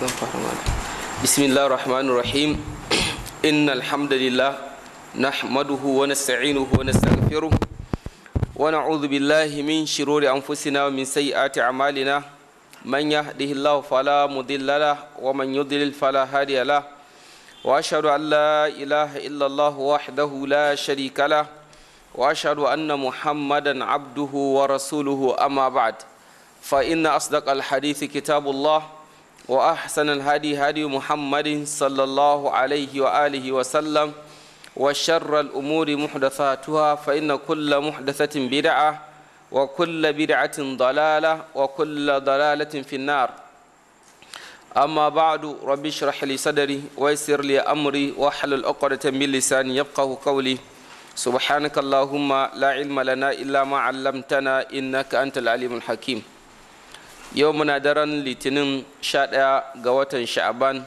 zan fara mana bismillahir rahmanir rahim innal hamdalillah nahmaduhu wa nasta'inuhu wa nastaghfiruh wa na'udhu min shururi anfusina wa min sayyiati a'malina man yahdihillahu fala mudilla wa man yudlil fala hadiya lahu واشهد ان لا اله الا الله وحده لا شريك له واشهد ان محمدا عبده ورسوله اما بعد فان اصدق الحديث كتاب الله وأحسن الهدي هدي محمد صلى الله عليه وآله وسلم وشر الأمور محدثاتها فإن كل محدثة بدعة وكل بدعة ضلالة وكل ضلالة في النار أما بعد رب اشرح لي صدري ويسر لي أمري واحلل عقدة من لساني يفقه قولي سبحانك اللهم لا علم لنا إلا ما علمتنا إنك أنت العليم الحكيم yau muna daren litinin sha ɗaya ga watan sha'aban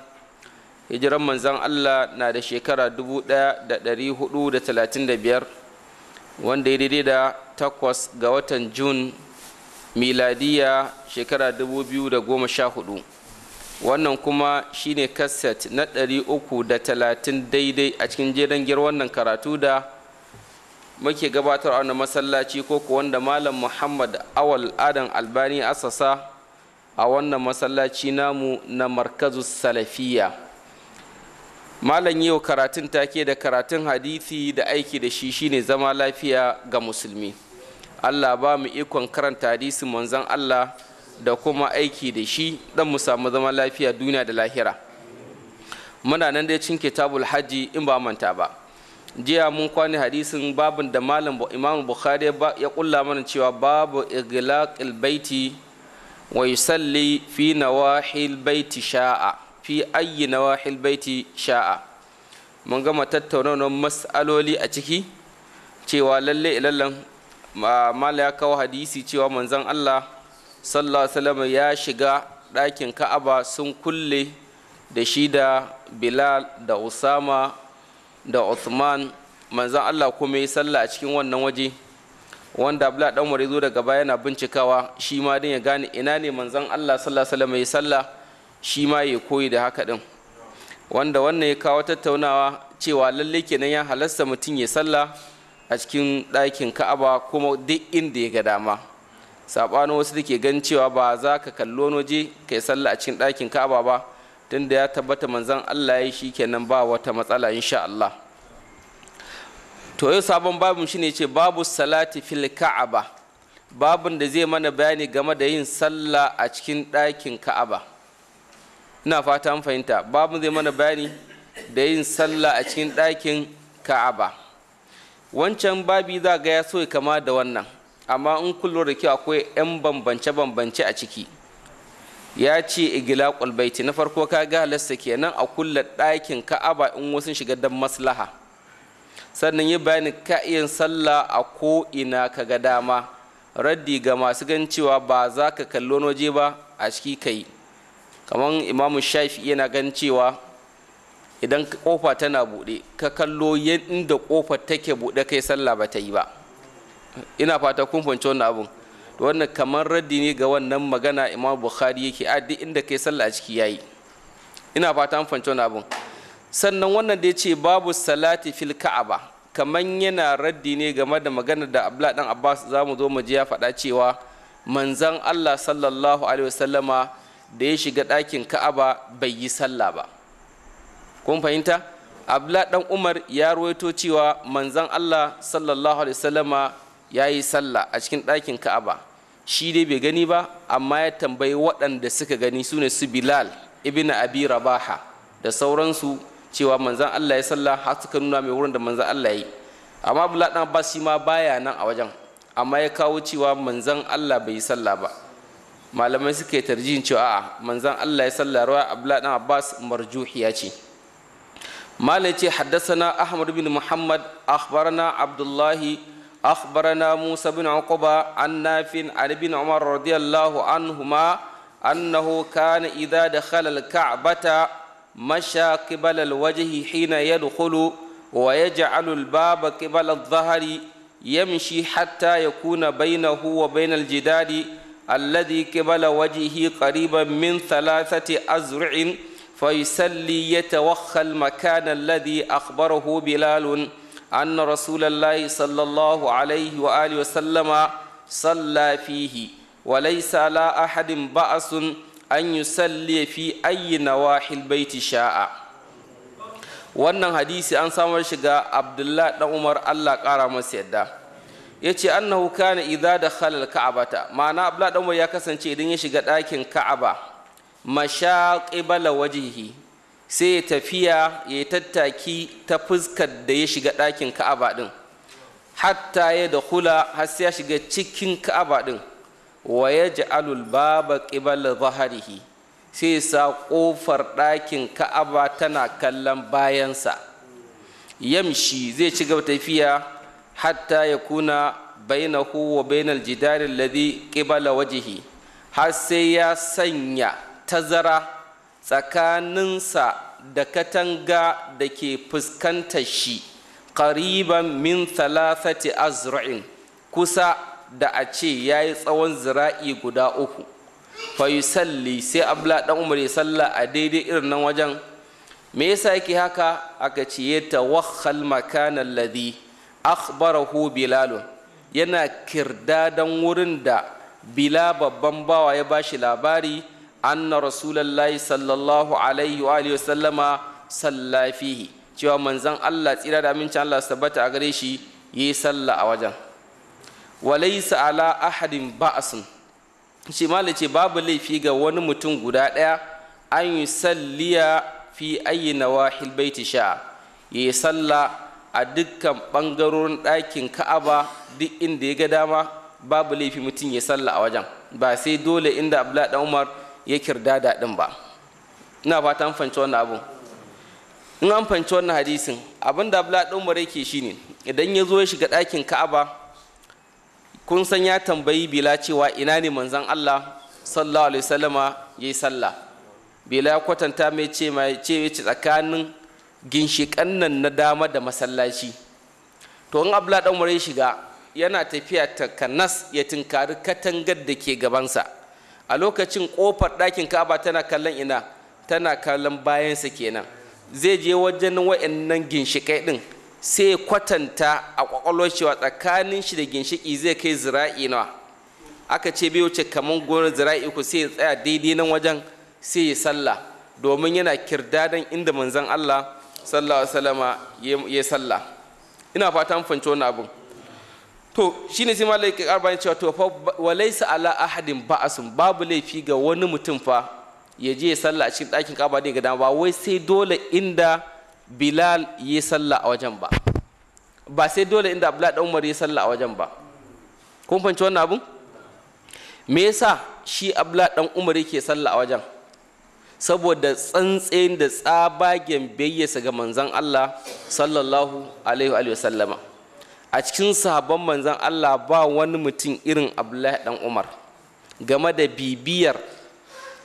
hijiran manzan allah na da shekara 1435 wanda ya daidai da takwas ga watan jun miladiya shekara sha 2014 wannan kuma shine kaset na da 330 daidai a cikin jerangiyar wannan karatu da muke gabatar a wani masallaci ko wanda malam muhammad awal adam albani asasa a wannan masallaci namu na markazu salafiya malam yau karatun take da karatun hadisi da aiki da shi shine zama lafiya ga musulmi allah ba mu ikon karanta hadisin manzon allah da kuma aiki da shi dan mu samu zama lafiya duniya da lahira muna nan dai cin kitabul hajji in ba manta ba jiya mun kwani hadisin babin da malam imam bukhari ya kulla mana cewa babu iglaqil baiti wa yusalli fi nawahil baiti sha'a fi ayyi nawahil baiti sha'a mun gama tattaunawar mas'aloli a ciki cewa lalle ilallan mala ya kawo hadisi cewa manzon Allah sallallahu alaihi wasallam ya shiga ɗakin Ka'aba sun kulle da shi da Bilal da Usama da Uthman manzon Allah kuma ya sallah a cikin wannan waje wanda abla dan ya zo daga baya yana bincikawa shi ma din ya gane ina ne manzon Allah sallallahu alaihi wasallam ya salla shi ma ya koyi da haka din wanda wannan ya kawo tattaunawa cewa lalle kenan ya halasta mutum ya sallah a cikin ɗakin Ka'aba kuma duk inda ya ga dama sabanin wasu da ke gan cewa ba za ka kallo waje kai sallah a cikin ɗakin Ka'aba ba tunda ya tabbata manzon Allah ya shi kenan ba wata matsala insha Allah to yau sabon babin shine ce babu salati fil ka'aba babin da zai mana bayani game da yin sallah a cikin ɗakin ka'aba ina fata an fahimta babin zai mana bayani da yin sallah a cikin ɗakin ka'aba wancan babi za ga ya so ya kama da wannan amma in kullum da kyau akwai 'yan bambance-bambance a ciki ya ce igila kulbaiti na farko ka ga halasta kenan a kulla ɗakin ka'aba in wasu shiga don maslaha sannan yi bayani ka iya sallah a ko ina ka ga dama raddi ga masu gan cewa ba za ka kalli wani waje ba a ciki kai kamar imamu shafi yana gan cewa idan kofa tana buɗe ka kallo inda kofa take buɗe kai sallah ba ta yi ba ina fata kun fahimci wannan abun wannan kamar raddi ne ga wannan magana imamu bukhari yake a duk inda kai sallah a ciki yayi ina fata kun fahimci wannan abun sannan wannan da ya ce babu salati fil ka'aba kamar yana raddi ne game da maganar da abla dan abbas za mu zo mu ji ya faɗa cewa manzan allah sallallahu alaihi wasallama da ya shiga ɗakin ka'aba bai yi sallah ba kun fahimta abla dan umar ya ruwaito cewa manzan allah sallallahu alaihi wasallama ya yi sallah a cikin ɗakin ka'aba shi dai bai gani ba amma ya tambayi waɗanda suka gani su ne su bilal ibn abi rabaha da sauransu cewa manzan Allah ya sallah har suka nuna mai wurin da manzan Allah yi amma Abdullah dan Abbas shi ma baya nan a wajen amma ya kawo cewa manzan Allah bai yi sallah ba malamai suke tarjihin cewa a manzan Allah ya sallah ruwa Abdullah dan Abbas marjuhiya ce malam ce haddasana Ahmad bin Muhammad akhbarana Abdullahi أخبرنا musa bin عقبة عن نافع عن ابن عمر رضي الله عنهما أنه كان إذا دخل الكعبة مشى قبل الوجه حين يدخل ويجعل الباب قبل الظهر يمشي حتى يكون بينه وبين الجدار الذي قبل وجهه قريبا من ثلاثة أزرع فيسلي يتوخى المكان الذي أخبره بلال أن رسول الله صلى الله عليه وآله وسلم صلى فيه وليس على أحد بأس an yi salle fi ayyi nawahil baiti sha'a wannan hadisi an samar shiga abdullah dan umar allah kara masa yadda ya ce annahu kana idza khalal Ka'abata, ma'ana abdullah dan ya kasance idan ya shiga ɗakin ka'aba mashaqibala wajihi sai ya tafiya ya tattaki ta fuskar da ya shiga ɗakin ka'aba din hatta ya hula har sai ya shiga cikin ka'aba din wa ji baba ƙibala zaharihi sai sa ƙofar ɗakin ka'aba tana kallon bayansa yamshi zai ci gaba tafiya hatta ya kuna bainahu wa bainal jidarin ladi ƙibala wajihi. har sai ya sanya tazara tsakaninsa da katanga da ke fuskantar shi ƙariban min thalathati azra'in kusa da a ce ya yi tsawon zira'i guda uku fa salli sai abla ɗan umar ya salla a daidai irin nan wajen me yasa yake haka aka ce ya tawakhal makan alladhi akhbarahu bilal yana kirdadan wurin da bila babban bawa ya bashi labari anna rasulullahi sallallahu alaihi wa alihi sallama salla fihi cewa manzon Allah tsira da amincin Allah tabbata a gare shi yi salla a wajen walaisa ala ahadin ba'asin shi ce babu laifi ga wani mutum guda ɗaya an yi salliya fi ayi wahil baiti sha'a ya yi salla a dukkan ɓangarorin ɗakin ka'aba duk inda ya ga dama babu laifi mutum ya salla a wajen ba sai dole inda Abdullahi dan umar ya kirda daɗin ba ina fata an fanci wannan abu in an fanci wannan hadisin abin da Abdullahi dan umar yake shine idan ya zo ya shiga ɗakin ka'aba kun san ya tambayi bila cewa ina ne manzan Allah sallallahu alaihi wasallama yi sallah bila ya kwatanta mai ce mai ce tsakanin ginshikan nan na dama da masallaci to in abla dan ya shiga yana tafiya ta kanas ya tinkari katangar da ke gabansa a lokacin kofar ɗakin kaba tana kallon ina tana kallon bayansa kenan zai je wajen wa'annan ginshikai din sai ya kwatanta a kwakwalwar cewa tsakanin shi da ginshiki zai kai zira'i nawa aka ce bai wuce kamar gonar zira'i ku sai ya tsaya daidai nan wajen sai ya sallah domin yana kirdadan inda manzan Allah sallallahu alaihi ya sallah ina fata mun fahimci wannan abun to shine sai malai ka karba cewa to fa walaysa ala ahadin ba'asun babu laifi ga wani mutum fa ya je ya sallah a cikin ɗakin kaba da ga dama ba wai sai dole inda bilal yi sallah a wajen ba ba sai dole inda abdullahi dan umar yi sallah a wajen ba kun fahimci wannan abun me yasa shi abdullahi dan umar yake sallah a wajen saboda tsantsayin da tsabagen bayyasa ga manzon Allah sallallahu alaihi wa sallama a cikin sahabban manzon Allah ba wani mutum irin abdullahi dan umar game da bibiyar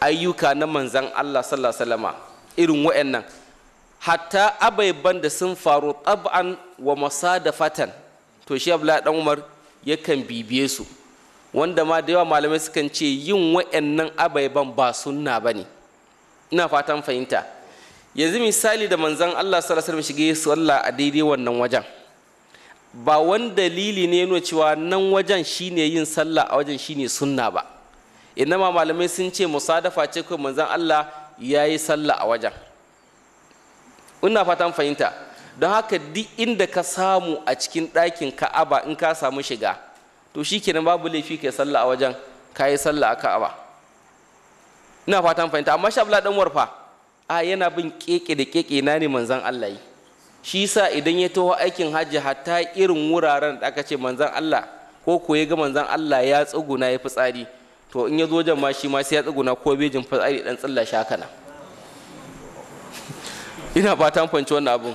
ayyuka na manzon Allah sallallahu alaihi wa sallama irin waɗannan hatta abaiban da sun faru tab'an wa da fatan, to shi abdullahi dan umar yakan bibiye su wanda ma da yawa malamai sukan ce yin wa'annan abaiban ba sunna ba ne ina fatan fahimta yanzu misali da manzan allah sallallahu alaihi shige Allah a daidai wannan wajen ba wani dalili ne nuna cewa nan wajen shine yin sallah a wajen shine sunna ba inama malamai sun ce musadafa ce kawai manzan allah ya yi sallah a wajen ina fatan fahimta don haka duk inda ka samu a cikin ɗakin ka'aba in ka samu shiga to kenan babu laifi ka yi sallah a wajen ka yi sallah a ka'aba ina fatan fahimta amma shi abla dan warfa a yana bin keke da keke na ne manzan Allah yi shi sa idan ya taho aikin hajji hatta irin wuraren da aka ce manzan Allah ko ko ya ga manzan Allah ya tsuguna ya fitsari to in ya zo wajen ma shi ma sai ya tsuguna ko bejin fitsari dan tsalla shakana ina fatan fahimci wannan abun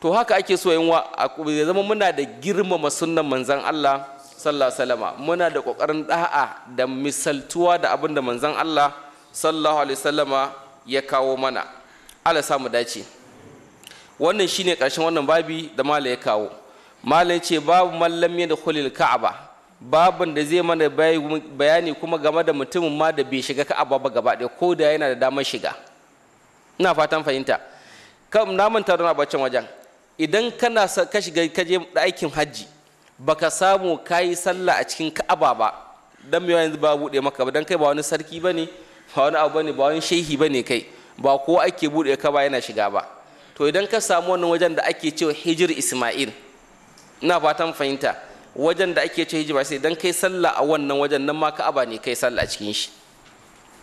to haka ake so yin wa ya zama muna da girmama sunnan manzan Allah sallallahu alaihi wasallam muna da kokarin da'a da misaltuwa da abin da manzan Allah sallallahu alaihi wasallam ya kawo mana Allah samu dace wannan shine karshen wannan babi da mala ya kawo mala ce babu mallam ya da khulil ka'aba babin da zai mana bayani kuma game da mutumin ma da bai shiga ka'aba ba gaba ɗaya ko da yana da damar shiga ina fatan fahimta kam na manta da bacin wajen idan kana ka shiga ka je aikin hajji baka samu kayi sallah a cikin ka'aba ba dan me yanzu ba bude maka ba dan kai ba wani sarki bane ba wani abu bane ba wani shehi bane kai ba ko ake bude ka ba yana shiga ba to idan ka samu wannan wajen da ake cewa hijir isma'il ina fatan fahimta wajen da ake cewa hijir sai idan kai sallah a wannan wajen nan ma ka'aba ne kai sallah a cikin shi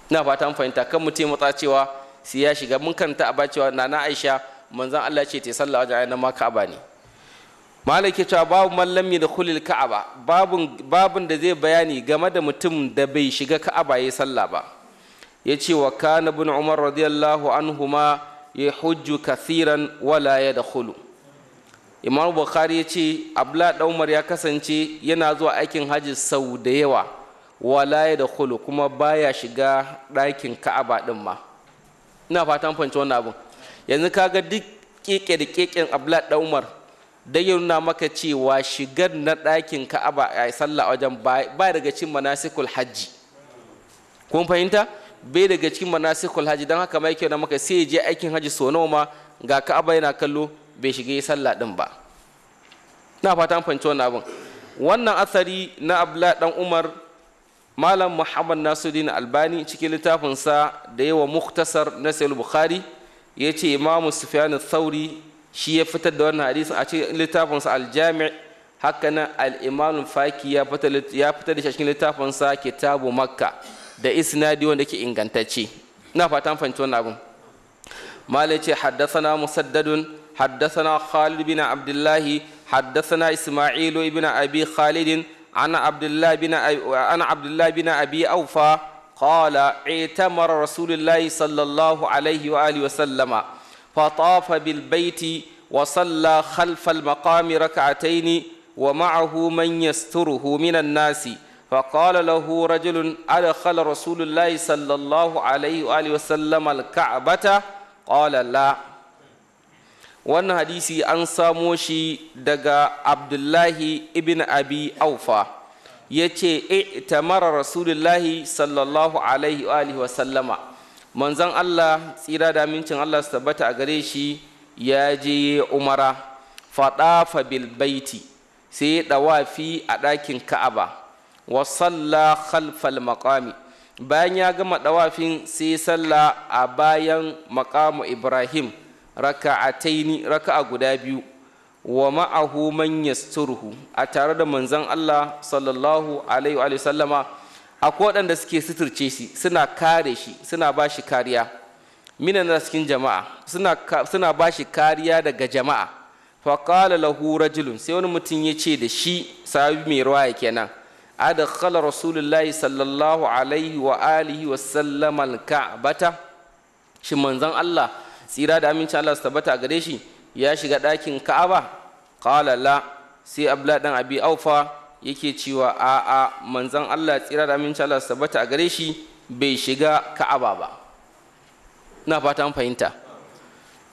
ina fatan fahimta kan mutum ya cewa sai ya shiga mun kanta a bacewa na na aisha manzan Allah ce ta sallah wajen ayyana ma ka'aba ne malaki cewa babu mallam da kulil ka'aba babun da zai bayani game da mutum da bai shiga ka'aba ya sallah ba ce wa kana bin umar radiyallahu anhuma hujju kathiran wala kulu. imam bukhari ce abla da umar ya kasance yana zuwa aikin hajji sau da yawa wala kulu kuma baya shiga ɗakin ka'aba ɗin ma ina fatan fahimci wannan abin yanzu kaga duk keke da keken abla da umar da ya nuna maka cewa shigar na ɗakin ka'aba a sallah wajen ba daga cikin manasikul hajji kun fahimta bai daga cikin manasikul hajji don haka mai kyau na maka sai je aikin hajji so nawa ma ga ka'aba yana kallo bai shiga yi sallah din ba na fatan fahimci wannan abin wannan asari na abla dan umar malam muhammad nasuddin albani cikin littafinsa da yawa muktasar na bukhari ya ce imamu sufyan thauri shi ya fitar da wannan hadisin a cikin littafinsa aljami' haka nan al faki ya fitar da shi cikin littafinsa kitabu makka da isnadi wanda ke ingantacce ina fatan fahimci wannan abin Malam ce haddasana musaddadun haddasana khalid bin abdullahi haddasana isma'ilu ibn abi khalidin عن عبد الله بن عن عبد الله بن أبي أوفى قال اعتمر رسول الله صلى الله عليه وآله وسلم فطاف بالبيت وصلى خلف المقام ركعتين ومعه من يستره من الناس فقال له رجل أدخل رسول الله صلى الله عليه وآله وسلم الكعبة قال لا wannan hadisi an samo shi daga abdullahi ibn abi aufa ya ce itamara rasulullahi sallallahu alaihi wa sallama manzan allah tsira da amincin allah su tabbata a gare shi ya je umara faɗafa bilbaiti sai ya ɗawafi a ɗakin ka'aba wa salla khalfal maƙami bayan ya gama ɗawafin sai salla a bayan maƙamu ibrahim raka'ataini raka'a guda biyu wa ma'ahu man yasturuhu a tare da manzon Allah sallallahu alaihi wa sallama akwai waɗanda suke suturce shi suna kare shi suna ba shi kariya na cikin jama'a suna suna ba shi kariya daga jama'a fa qala lahu rajulun sai wani mutum ya ce da shi sahabi mai ruwaya kenan adkhala rasulullahi sallallahu alaihi wa alihi wa sallama al-ka'bata shi manzon Allah tsira da aminci Allah su tabbata gare shi ya shiga ɗakin Ka'aba qala la sai Abla dan Abi Aufa yake cewa a'a manzon Allah tsira da aminci Allah su tabbata gare shi bai shiga Ka'aba ba ina fata fahimta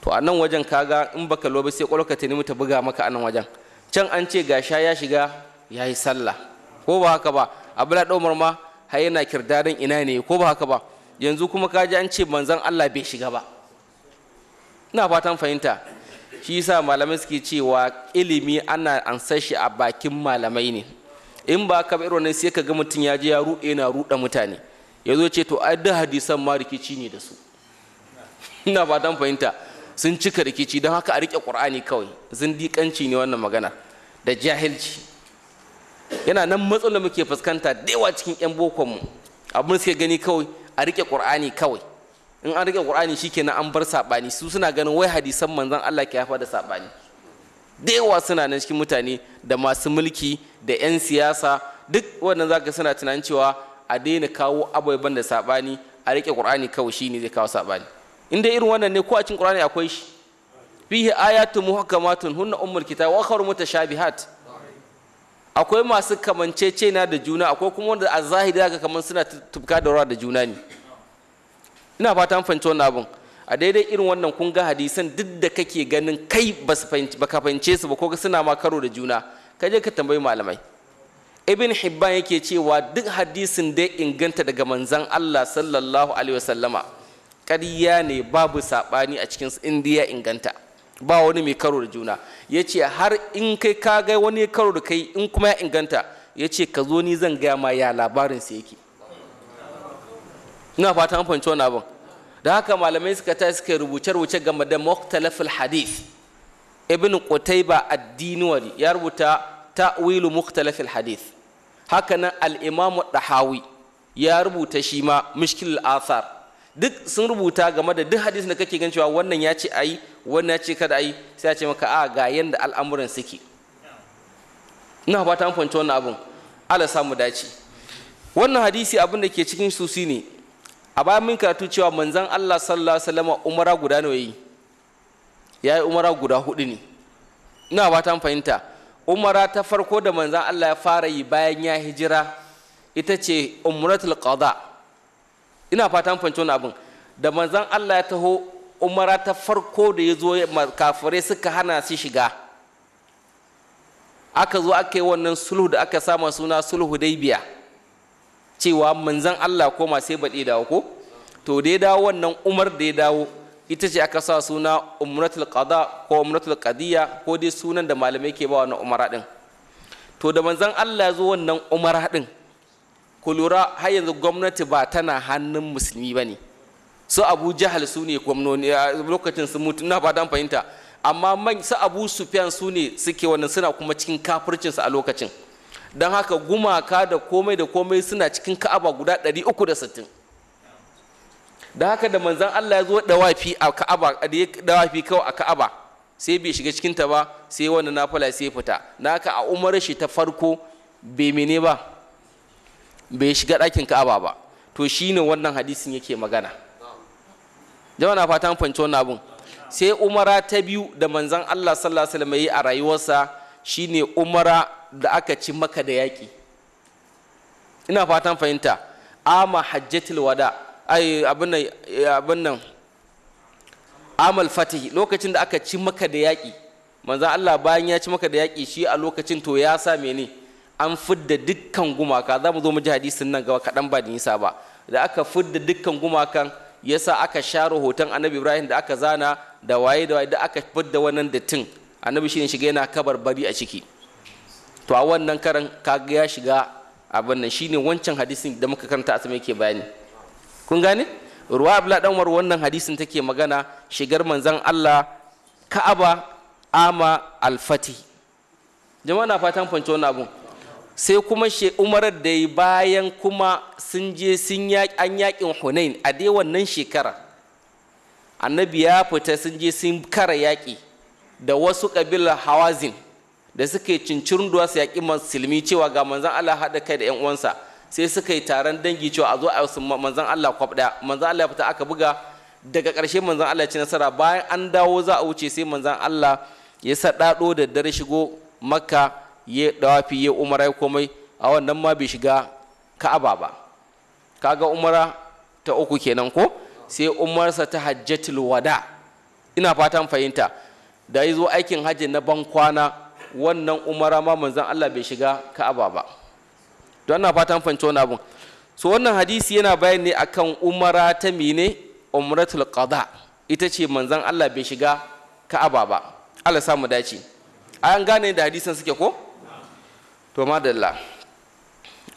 to a nan wajen kaga in baka lobe sai kwalwaka ta nemi ta buga maka a nan wajen can an ce gasha ya shiga ya yi sallah ko ba haka ba abla ɗaumar ma har yana kirdarin ina ne ko ba haka ba yanzu kuma kaji an ce manzon Allah bai shiga ba ina fatan fahimta shi yasa malamai suke cewa ilimi ana ansar shi a bakin malamai ne in ba ka bi irin sai ka ga mutum ya je ya ruɗe na ruɗa mutane ya zo ce to ai duk hadisan ma rikici ne da su ina fatan fahimta sun cika rikici don haka a rike ƙur'ani kawai zindiƙanci ne wannan magana da jahilci yana nan matsalar muke fuskanta da yawa cikin 'yan bokon mu abin suke gani kawai a rike ƙur'ani kawai in an rike qur'ani shikenan an bar sabani su suna ganin wai hadisan manzon Allah ke haifar da sabani da yawa suna nan cikin mutane da masu mulki da 'yan siyasa duk wannan zaka suna tunanin cewa a daina kawo abubuwan da sabani a rike qur'ani kawai shine zai kawo sabani in dai irin wannan ne ko a cikin qur'ani akwai shi fihi ayatu muhkamatun hunna ummul kitab wa akharu mutashabihat akwai masu kamancece na da juna akwai kuma wanda a zahiri zaka kaman suna tufka da ruwa da juna ne ina fata an fahimci wannan abin a daidai irin wannan kun ga hadisan duk da kake ganin kai ba ka fahimce su ba ko suna ma karo da juna ka je ka tambayi malamai ibn hibban yake cewa duk hadisin dai inganta daga manzan allah sallallahu alaihi wasallama ƙarya ne babu saɓani a cikin indiya inganta ba wani mai karo da juna ya ce har in kai ka ga wani karo da kai in kuma ya inganta ya ce ka zo ni zan gaya ma ya labarin sa yake ina fata an fahimci wannan abin da haka malamai suka ta suka rubuce rubuce game da mukhtalafil hadith ibn qutayba ad-dinwari ya rubuta ta'wilu mukhtalafil hadith haka nan al-imam dahawi ya rubuta shi ma mushkil al-athar duk sun rubuta game da duk hadisin da kake gan cewa wannan ya ce ayi wannan ya ce kada ayi sai ya ce maka a ga yanda al'amuran suke ina fata an fahimci wannan abin Allah samu dace wannan hadisi abin da ke cikin su ne a bayan min karatu cewa manzan Allah sallallahu alaihi wasallam umara guda nawa yi yayi umara guda hudu ne ina ba ta fahimta umara ta farko da manzan Allah ya fara yi bayan ya hijira ita ce umratul qada ina fatan fahimci wannan abin da manzan Allah ya taho umara ta farko da ya zo kafirai suka hana su shiga aka zo aka yi wannan sulhu da aka sama suna sulhu daibiya cewa manzan Allah ko ma sai baɗi dawo ko to da ya dawo wannan umar da ya dawo ita ce aka sa suna umratul qada ko umratul qadiya ko dai sunan da malamai ke ba wannan umara din to da manzan Allah zo wannan umara din ku lura har yanzu gwamnati ba tana hannun musulmi ba ne su abu jahal su ne gwamnoni lokacin su mutu na ba dan fahimta amma man su abu sufyan su ne suke wannan suna kuma cikin kafircinsu a lokacin don haka gumaka da komai da komai suna cikin ka'aba guda 360 da haka da manzan Allah ya zo wafi a ka'aba wafi kawai a ka'aba sai bai shiga cikin ba sai wani nafala sai fita don haka a umar shi ta farko bai mene ba bai shiga ɗakin ka'aba ba to shine wannan hadisin yake magana jama'a na fatan fahimci wannan abun sai umara ta biyu da manzan Allah sallallahu alaihi wasallam yi a rayuwarsa shine umara da aka ci maka da yaƙi ina fatan fahimta ama hajjatul wada ai abin nan amal fatih lokacin da aka ci maka da yaƙi manzan Allah bayan ya ci maka da yaƙi shi a lokacin to ya sa mene an fidda dukkan gumaka za mu zo mu ji hadisin nan gaba kaɗan ba da nisa ba da aka fidda dukkan gumakan yasa aka share hoton annabi ibrahim da aka zana da waye da waye da aka fidda wannan dattin annabi shine shiga yana kabar bari a ciki to a wannan karan kaga ya shiga abin nan shine wancan hadisin da muka karanta a sama yake bayani kun gane ruwa abla dan war wannan hadisin take magana shigar manzon Allah Ka'aba ama al-Fatih jama'a na fatan fanci wannan abun sai kuma she umarar da yi bayan kuma sun je sun yaƙi an yaƙin hunain a dai wannan shekara annabi ya fita sun je sun kara yaƙi da wasu ƙabilar hawazin da suka yi cincirin duwa su yaƙi musulmi cewa ga manzan Allah haɗa kai da 'yan uwansa sai suka yi taron dangi cewa a zo a wasu manzan Allah kwaf ɗaya manzan Allah ya fita aka buga daga ƙarshe manzan Allah ya ci nasara bayan an dawo za a wuce sai manzan Allah ya sa ɗaɗo da dare shigo makka ya dawafi ya umara komai a wannan ma bai shiga ka'aba ba kaga umara ta uku kenan ko sai umarsa ta hajjatul wada ina fatan fahimta da ya zo aikin hajji na ban kwana wannan umara ma manzan Allah bai shiga ka'aba ba don na fatan fanci wani abu. so wannan hadisi yana bayani akan umara ta mine umratul qada ita ce manzan Allah bai shiga ka'aba ba Allah sa mu dace an gane da hadisan suke ko to madalla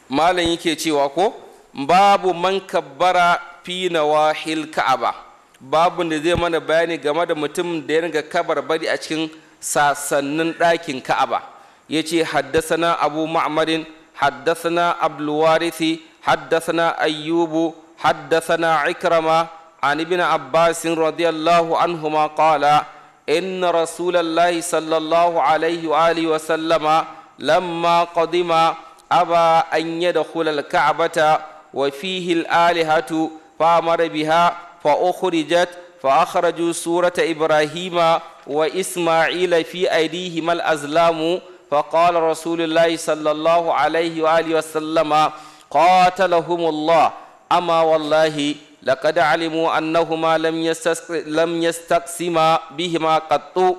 malam yake cewa ko babu man kabbara fi nawahil ka'aba babu da zai mana bayani game da mutum da ya ringa kabar bari a cikin sasannin ɗakin ka'aba ya ce haddasana abu ma'amarin haddasana abdulwarisi haddasana ayyubu haddasana ikrama an ibn abbasin radiyallahu anhuma qala inna rasulallahi sallallahu alaihi wa alihi wa lamma qadima aba an yadkhula al Kaabata wa fihi alihatu fa amara biha fa ukhrijat فأخرجوا سورة إبراهيم وإسماعيل في أيديهما الأزلام فقال رسول الله صلى الله عليه وآله وسلم قاتلهم الله أما والله لقد علموا أنهما لم لم يستقسما بهما قط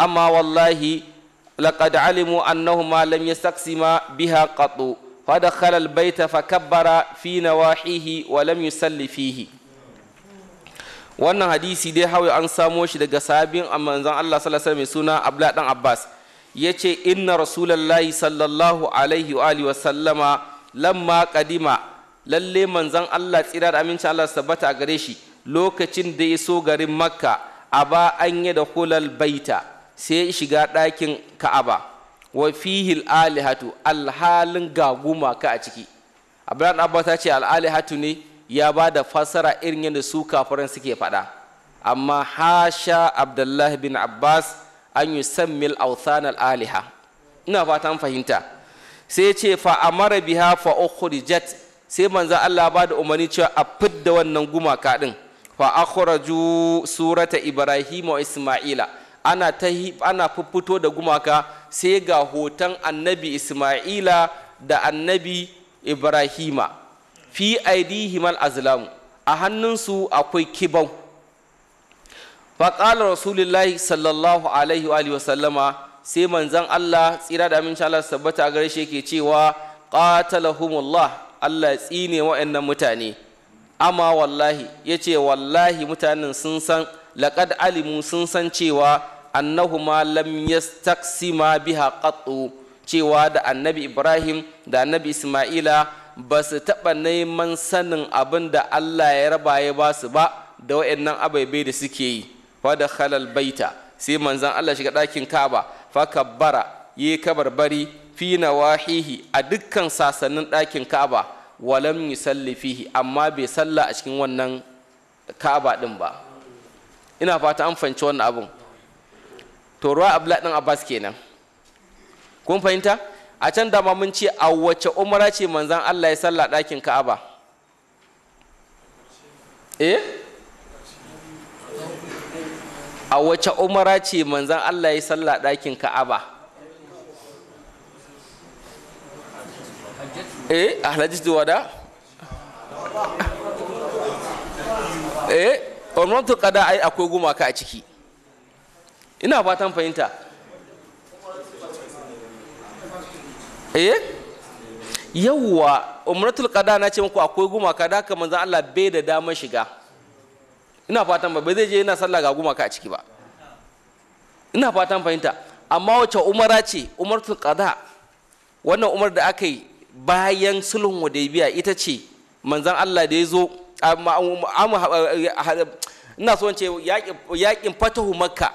أما والله لقد علموا أنهما لم يستقسما بها قط فدخل البيت فكبر في نواحيه ولم يسل فيه wannan hadisi dai hawaye an samo shi daga sabin manzon Allah sallallahu alaihi mai suna Abdullah dan Abbas yace inna rasulullahi sallallahu alaihi wa alihi wa lamma qadima lalle manzan Allah tsira da amincin Allah sabbata a gare shi lokacin da ya so garin Makka aba an yi da hulal baita sai ya shiga ɗakin Ka'aba wa fihi alihatu alhalin gaguma ka a ciki Abdullah dan Abbas ya ce alihatu ne ya ba da fassara irin yadda su kafiran suke faɗa amma hasha abdullah bin abbas an yi sammil authan al'aliha ina fatan fahimta sai ce fa amara biha fa jet sai manzo Allah ba da umarni cewa a fidda wannan gumaka din fa akhraju surata ibrahim wa isma'ila ana ta ana fito da gumaka sai ga hoton annabi isma'ila da annabi ibrahima fi aidihimal azlam a hannunsu akwai kibau faƙalar rasulullahi sallallahu alaihi wa sallama sai manzan Allah tsira da amincin Allah sabbata a gare shi yake cewa qatalahumullah Allah ya tsine wa'annan mutane amma wallahi yace wallahi mutanen sun san laqad alimu sun san cewa annahu annahuma lam yastaqsima biha qattu cewa da annabi Ibrahim da annabi Isma'ila ba su taɓa neman sanin abin da Allah ya raba ya ba su ba da wa'annan abaibai da suke yi fa da halal baita sai manzan Allah shiga ɗakin kaba fa kabbara yi kabarbari fi wahihi a dukkan sasannin ɗakin kaba walam yi fihi amma bai salla a cikin wannan kaba ɗin ba ina fata an fahimci wannan abin to ruwa abla ɗin abbas kenan kun fahimta a can dama mun ce a wace umara ce manzan Allah ya salla ɗakin ka'aba eh a wace umara ce manzan Allah ya salla ɗakin ka'aba eh a zuwa wada eh umratu qada ai akwai gumaka a ciki ina fatan fahimta eh yawwa umratul qada na ce muku akwai gumaka da haka manzon Allah bai da damar shiga ina fatan ba bai zai je yana sallah ga gumaka a ciki ba ina fatan fahimta amma wacce umara ce umratul qada wannan umar da aka yi bayan sulhun hudaybiya ita ce manzon Allah da ya zo ina so ce yakin fatahu makka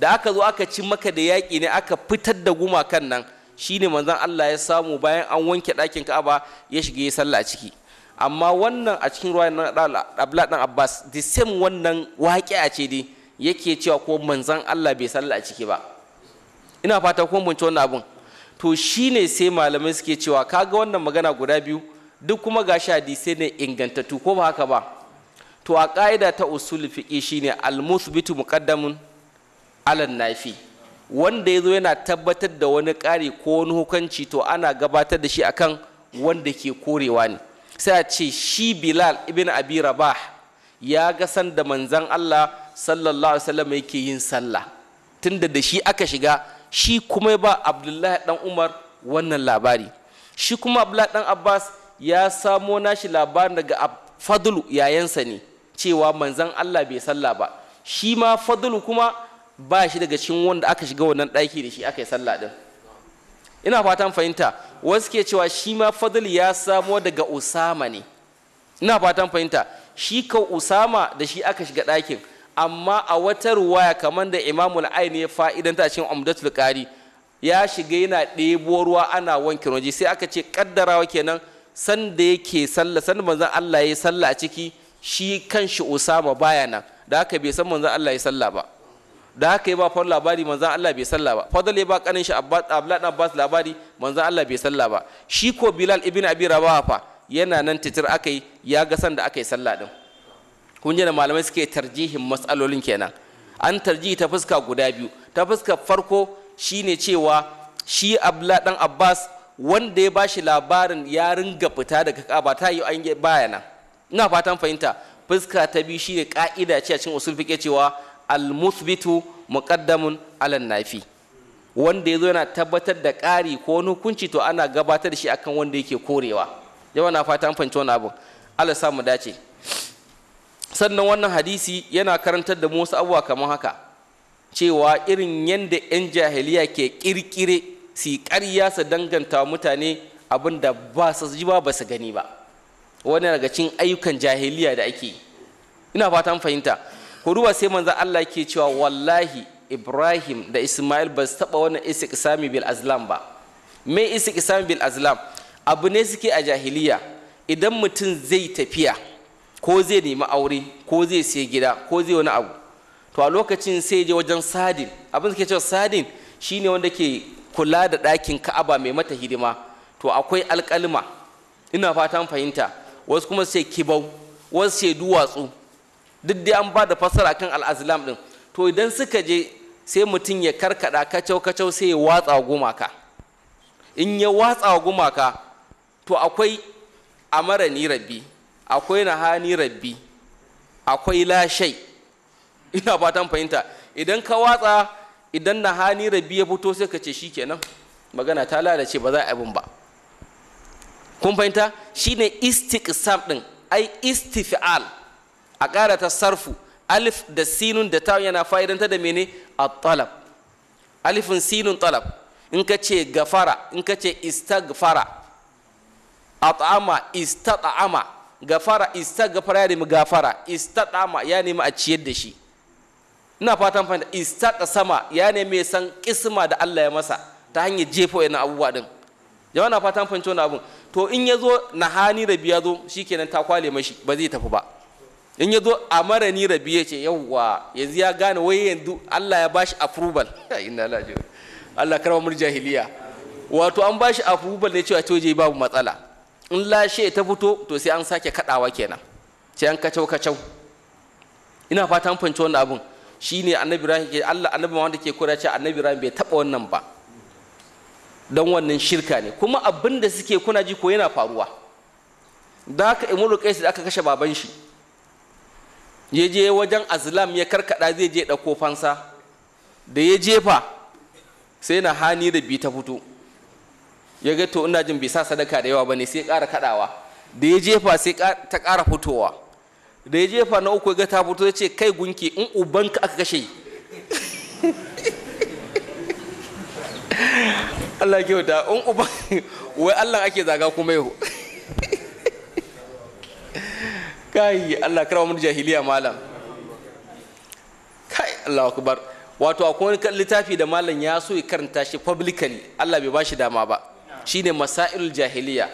da aka zo aka ci maka da yaƙi ne aka fitar da gumakan nan Shi shine manzon Allah ya samu bayan an wanke ɗakin Ka'aba ya shiga ya sallah a ciki amma wannan a cikin ruwayan na Abdullah dan Abbas the same wannan waƙi'a ce dai yake cewa ko manzon Allah bai sallah a ciki ba ina fata ko mun wannan abun to shine sai malamai suke cewa ka ga wannan magana guda biyu duk kuma ga gashi sai ne ingantattu ko ba haka ba to a ƙa'ida ta usul fiƙi shine al-muthbitu muqaddamun ala nafi wanda ya zo yana tabbatar da wani ƙari ko wani hukunci to ana gabatar da shi akan wanda ke korewa ne sai a ce shi bilal ibn abi rabah ya ga san da manzan allah sallallahu alaihi wasallam yake yin sallah tunda da shi aka shiga shi kuma ba abdullahi dan umar wannan labari shi kuma abdullahi dan abbas ya samo nashi labarin daga fadlu yayansa ne cewa manzan allah bai sallah ba shi ma fadlu kuma ba shi daga cikin wanda aka shiga wannan ɗaki da shi aka yi sallah din ina fatan fahimta wasu ke cewa shi ma fadl ya samo daga usama ne ina fatan fahimta shi ka usama da shi aka shiga ɗakin amma a wata ruwaya kamar da imamul aini ya fa'idanta cikin umdatul qari ya shiga yana ɗebo ruwa ana wanke waje sai aka ce kaddarawa kenan sanda da yake sallah san manzon Allah ya sallah a ciki shi kanshi usama baya nan da haka bai san manzon Allah ya sallah ba da haka ya ba fadl labari manzan Allah bai sallah ba fadl ya ba kanin shi Abdullahi Abbas labari manzan Allah bai sallah ba shi ko Bilal ibn Abi Rabah fa yana nan titir akai ya ga san da akai sallah din kun ji da malamai suke tarjihin matsalolin kenan an tarjihi ta fuska guda biyu ta fuska farko shine cewa shi Abdullahi dan Abbas wanda ya bashi labarin ya ringa fita daga kaba ta yi an bayana ina fatan fahimta fuska ta biyu shine ka'ida ce a cikin usul fiqh cewa al-muthbitu muqaddamun ala nafi wanda yazo yana tabbatar da ƙari ko wani hukunci to ana gabatar da shi akan wanda yake korewa yawa na fata an fahimci wani abu Allah sa mu dace sannan wannan hadisi yana karantar da musu abuwa kamar haka cewa irin yadda 'yan jahiliya ke kirkire su ƙarya su danganta mutane abin da ba su ji ba ba su gani ba wani daga cikin ayyukan jahiliya da ake ina fatan fahimta ku duba sai manzan Allah ke cewa wallahi Ibrahim da Ismail ba su taba wannan sami bil azlam ba me sami bil azlam abu ne suke a jahiliya idan mutum zai tafiya ko zai nemi aure ko zai sai gida ko zai wani abu to a lokacin sai je wajen sadin abin suke cewa sadin shine wanda ke kula da ɗakin ka'aba mai mata hidima to akwai alƙalma ina fatan fahimta wasu kuma sai kibau wasu sai duwatsu duk dai an ba da fassara kan al'azlam din to idan suka je sai mutum ya karkada kacau kacau sai ya watsa gumaka in ya watsa gumaka to akwai amara ni rabbi akwai na hani rabbi akwai lashai ina fatan fahimta idan ka watsa idan na hani rabbi ya fito sai ka ce shikenan magana ta lalace ba za a abin ba kun fahimta shine istiqsam din ai istif'al a ƙara ta sarfu alif da sinun da ta yana fa'idanta da mene a talab alifin sinun talab in ka ce gafara in ka ce istagfara a at'ama istat'ama gafara istagfara ya nemi gafara istat'ama ya nemi a ciyar da shi ina fatan fahimta istata sama ya nemi ya san kisma da Allah ya masa ta hanyar jefo yana abubuwa din jama'a na fatan fahimta wani abun to in ya zo na hani da biya zo shikenan ta kwale mashi ba zai tafi ba in ya zo a mara ni rabi ya ce yawwa yanzu ya gane wai yanzu Allah ya bashi approval inna lillahi Allah karama mur jahiliya wato an bashi approval ne cewa toje babu matsala in lashe ta fito to sai an sake kadawa kenan sai an kacau kacau ina an fanci wannan abun shine annabi Ibrahim ke Allah annabi wanda ke kura cewa annabi Ibrahim bai taba wannan ba dan wannan shirka ne kuma abin da suke kuna ji ko yana faruwa da haka imru kais da aka kashe baban shi ya je wajen azlam ya karkada zai je ɗauko fansa da ya jefa sai na hani da bi ta fito ya ga to ina jin bai sa sadaka da yawa bane sai ƙara kadawa da ya jefa sai ta ƙara fitowa da ya jefa na uku ga ta fito ya ce kai gunki in ubanka aka kashe Allah kyauta in uban wai Allah ake zaga kuma yau kai Allah kira mun jahiliya malam kai Allah akbar wato akwai wani littafi da malam ya so ya karanta shi publicly Allah bai ba shi dama ba shine masailul jahiliya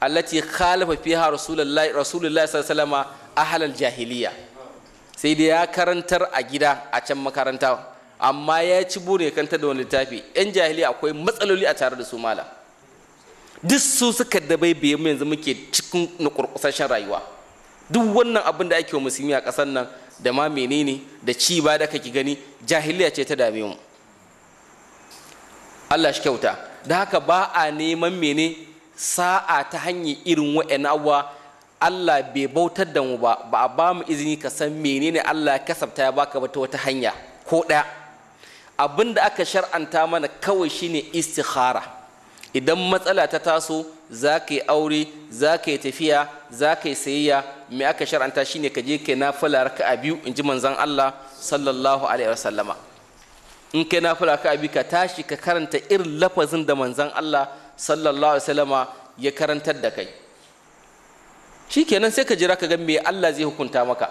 allati khalafa fiha rasulullahi rasulullahi sallallahu alaihi wasallam jahiliya sai dai ya karantar a gida a can makaranta amma ya ci bure kanta da wani littafi yan jahiliya akwai matsaloli a tare da su malam duk su suka bai mu yanzu muke cikin na rayuwa duk wannan abin da ake wa musulmi a ƙasar nan da ma menene da ci ba da kake gani jahiliya ce ta dame mu Allah shi kyauta da haka ba a neman mene sa'a ta hanyar irin wa'annan abuwa Allah bai bautar da mu ba ba a ba mu izini ka san menene Allah ya kasafta ya baka ba ta wata hanya ko ɗaya abin da aka shar'anta mana kawai shine istikhara idan matsala ta taso za ka yi aure za ka yi tafiya za ka yi sayayya mai aka shar'anta ne ka je ka nafila a biyu in ji manzan Allah sallallahu alaihi wasallama in kai nafila a biyu ka tashi ka karanta irin lafazin da manzan Allah sallallahu alaihi wasallama ya karantar da kai Shi kenan sai ka jira ka ga me Allah zai hukunta maka